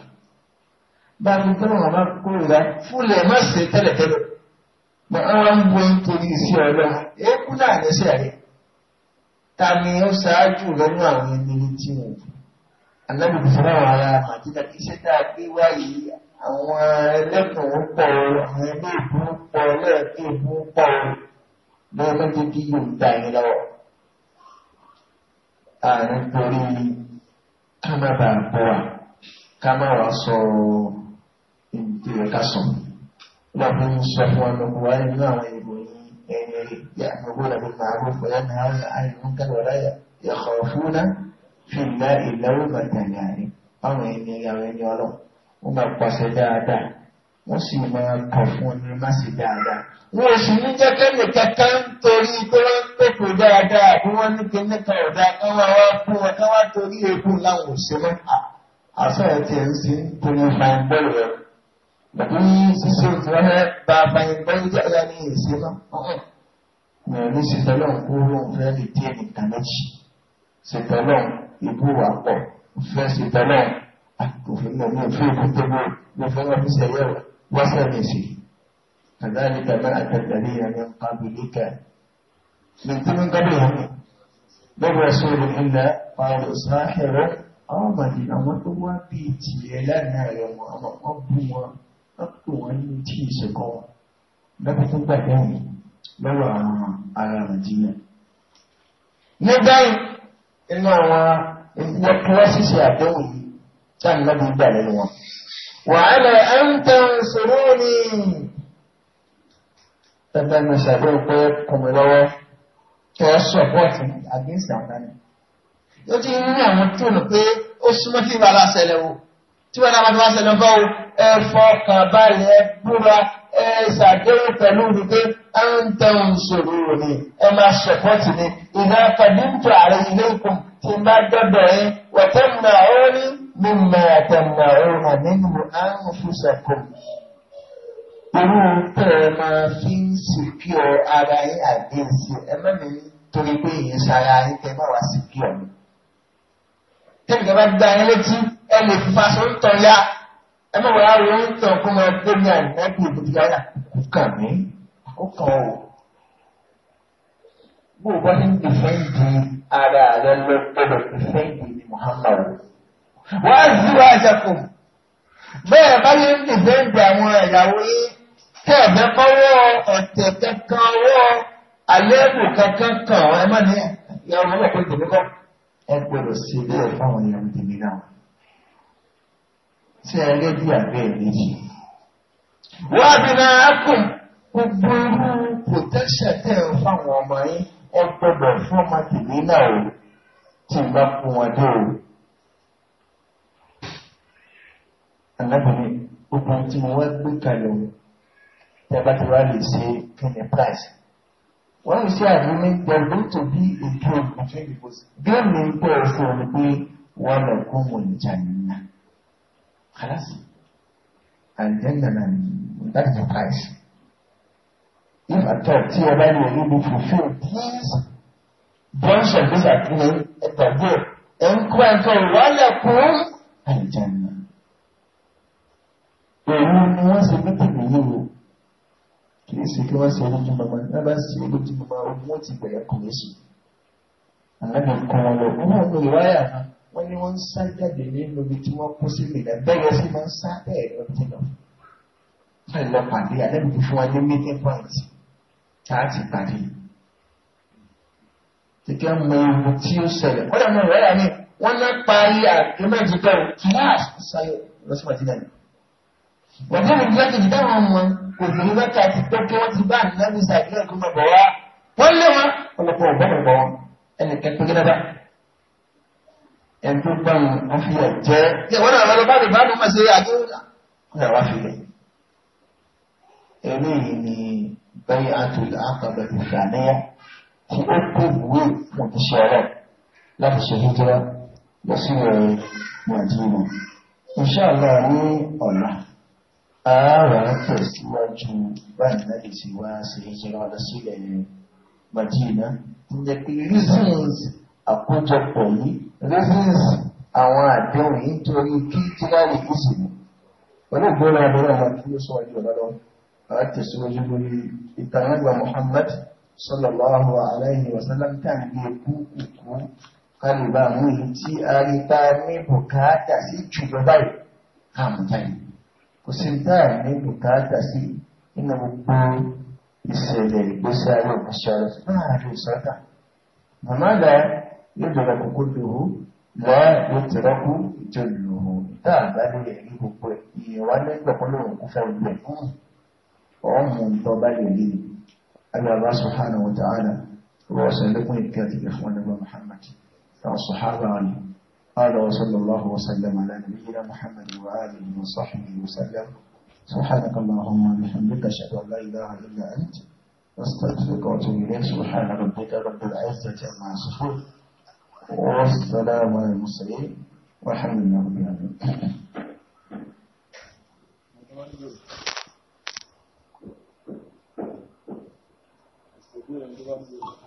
báyìí bẹlẹ wọn bá kórìíra fúlẹ̀ má ṣe tẹ́lẹ̀tẹ́lẹ̀ bọ́ wọ́n ń wo nítorí iṣẹ́ ọlọ́run eékú náà lẹ́sẹ̀ rẹ̀ ta ni ó ṣáájú lọ́nà àwọn ẹni tí wọ́n kú alábòbí fún àwọn ará màdínà kí iṣẹ́ tá a gbé wáyé àwọn ẹlẹ́kùn ń pọ̀ àwọn ilé ìbú ń pọ̀ ẹlẹ́ẹ̀kẹ́ ìbú pọ̀ lọ́wọ́ méjì kí yóò gba ẹni lọ́wọ́ àrùn torí ká má bàa bọ̀ wá ká má wàá sọ ìdíyẹ ká sọ̀rọ̀. لهم صفوة وقوال ما ويبوني يعني يأمرون بالمعروف وينهون عن المنكر ولا يخافون في الله لومة لائم àwọn ènìyàn àwọn ẹni ọlọ́run wọ́n máa pàṣẹ dáadáa wọ́n sì máa kọ̀ fún ẹni má ṣe dáadáa. wọn ò sì ní jẹ́ kẹ́lẹ̀ kẹta ń torí pé wọ́n ń pèpè dáadáa bí wọ́n ní kí nípa ọ̀dà kan wá wá fún wọn kan wá torí eégún láwọn òṣèlú àfẹ́ẹ̀tì ẹ̀ ń ṣe ń torí fún ẹgbẹ́ rẹ̀ bí ṣíṣe tí wọ́n fẹ́ bá fàyẹ̀gbọ́n jẹ́ ọ̀yá ní ìṣe náà mẹ̀rin ní ṣètọ́lọ́ kó lóun fẹ́ lè dé nìkan méjì ṣètọ́lọ́ ìbú wà pọ̀ fẹ́ ṣètọ́lọ́ àtòfin náà ní òfin òkú tó bó ló fẹ́ wọ́n fi ṣẹ̀yẹ́ wá sẹ́mi sí kàdáàlì bàbá àtẹ̀tẹ̀lé ẹni kábìlíkà ní tí wọ́n gábìlì wọn lọ́wọ́ ẹ̀sùn ìlú ilẹ̀ pàrọ̀ sáà ẹ̀rọ àwọn màdìlá wọn tó wá bíi tìlẹ̀ lánàá rẹ̀ wọn àwọn ọ̀gbùn wọn pẹ̀lú wọn ní tí ìṣẹ̀kọ́ bẹ́ẹ̀ fún pẹ̀lẹ́wì lọ́wọ́ àwọn ará nàìjíríà nígbàyìn inú àwọn ìwọ kílásìsì àdéhùn yìí táà nígbà gbà lẹ́nu wọn wàhálà ẹ̀ńtàn sọ̀rọ̀ ni ẹgbẹ́ mi ṣàdéhùn pé kùnmi lọ́wọ́ tọ́ sọ̀pọ̀tì against àwọn dání lójú inú àwọn tóun pé ó súnmọ́ kí wàhálà ṣẹlẹ̀ wò tí wọ́n náà máa ṣẹlẹ̀ bọ́ ẹ fọkàn balẹ̀ ẹ búra ẹ ṣàdéhùn pẹ̀lú wípé ẹ ń tẹ̀wọ̀n ìṣòro òní ẹ máa ṣẹ̀pọ̀tì ni ìdá kàdíńtò ààrẹ ilé ìkùn tí bá dọ́dọ̀ yín wọ̀tẹ́mùnà òní mímọ̀ àtẹ̀mùnà òní nínú àrùn irú tẹ̀ ẹ máa fi ń sìkíọ̀ ara yín àgbẹ̀sì ẹ mẹ́rin torí pé ìyẹn ṣara yín tẹ́ bá wá sìkíọ̀ mi tẹ́lifíkẹ́ bá gbá yín létí ẹ lè fi fàṣọ ń tàn ya ẹ mọ̀ wọ́n á rí ń tàn kó máa gbé ní àná bí òbí yáyà kò kàn mí kò kàn ó. bó o bá ní dìfẹ́ǹdì ara rẹ lọ dìfẹ́ǹdì ní Muhammadu wọ́n á zi wá àjàkù bẹ́ẹ̀ bá yẹ ń dìfẹ́ǹdì àwọn ìyàwó yín tẹ́ ẹ̀ kọ́wọ́ ọ̀tẹ̀ kankan wọ́ àlẹ́ ẹ̀bù kankan kàn ẹ ẹ gbọ́dọ̀ sí bẹ́ẹ̀ fáwọn èèyàn tèmi náà tí ẹ lé bí àgbẹ̀ méjì. wọ́n bí náà kùn gbogbo irú protection tẹ̀ ń fáwọn ọmọ yín ẹ gbọ́dọ̀ fún ọmọ tèmi náà o tí n bá kún wọn dé o. alábìnrin gbogbo ohun tí mo wá gbé kalẹ̀ o tẹ́ bá ti wá lè ṣe kí ni price when you say agreement there is going to be a game between the both game ni pé òfin ni pé wọn lọ kó mo ìjà nínú kálásì àjẹnà náà that is the price if I talk, tí ọba ni òní bí fulfil please bunch of this agreement ẹgbàgbọ́ ẹ̀ ń kó ẹ̀kọ́ wọn lọ kó àjẹnà èyí ni wọ́n ṣe bí tèmi yìí kìí ṣe kí wọ́n ṣe lójúmọmọ náà bá ṣe lójúmọmọ ogun ti bẹ̀rẹ̀ kùnrin sùn àánú kan wọn lọ wọn wọn lè wáyà náà wọn ní wọn ń sá jáde nínú ibi tí wọn kó sí ìlà bẹ́ẹ̀ sì máa ń sá bẹ́ẹ̀ lọ sí lọ fún ìlọ pàdé àdébù fún wa ní meeting point tá pàdé kíkẹ́ mọ ohun tí ó ṣẹlẹ̀ wọ́n dà mọ́ ìwáyà ni wọ́n náà parí àgbẹ̀mẹ́jì kan kí á sáyọ bọ̀dé mi jẹ́ kejì táwọn ọmọ kò sì ní mẹ́ta ti pé kí wọ́n ti bá ànábì sàkíyàn kó mọ̀ bọ̀ wá wọ́n lé wọn ọlọ́pọ̀ ọ̀gbọ́n mọ̀ bọ̀ wọn ẹnì kẹ́kẹ́ gẹ́gẹ́ bá ẹ̀dùn gbọ́n àfihàn jẹ́ wọ́n náà lọ bá lè bá lọ máa ṣe àjọ náà wá fìlẹ̀ eléyìí ni bẹ́ẹ̀ àtúlù àkàbẹ̀ ìgbàlẹ́yà tí ó kó ìwé fún ìṣẹ́ ààrọ̀ tẹ̀síwájú báyìí láti ṣe wá sí ìjọba lọ sílẹ̀ Madina ń jẹ́ pé reasons àkójọpọ̀ yìí reasons àwọn àdéhùn yìí nítorí kí tíláàrí kù sí ni pẹ̀lú ìgbóná abẹ́rẹ́ àwọn kí ló sọ̀rọ̀ yìí lọ́dọ̀ àwọn tẹ̀síwájú lórí ìtànàgbà Muhammad sallallahu alayhi wa sallam tàbí kú kúkú kálíbà mú yìí tí a rí ta ní bùkátà sí jùlọ báyìí káàmù báyìí kò sí tá à ní bùkátà sí nínú gbogbo ìṣẹ̀lẹ̀ ìgbésí ayé òmìnira láàrin ìsọ́tà mọ̀mọ́dà yóò dọ̀rọ̀ kókó lòó lọ́ọ̀ yóò tẹ̀rọ kú ìjọ lòó tá à bá lè rí gbogbo ìyẹn lẹ́gbẹ̀ẹ́ kọ́ lóun fẹ́ gbẹ̀ ọ̀hún mú un bá lè rí alábá sọ̀hánà wọ̀tàánà wọ́n sọ lẹ́kùn ìkẹ́ àti ìfọ́nlẹ́gbọ̀n Muhammad àwọn sọ̀hánà wọn هذا وصلى الله وسلم على نبينا محمد وآله وصحبه وسلم سبحانك اللهم وبحمدك أشهد أن لا إله إلا أنت أستغفرك وأتوب إليك سبحان ربك رب العزة عما يصفون والسلام على المرسلين والحمد لله رب العالمين Thank you.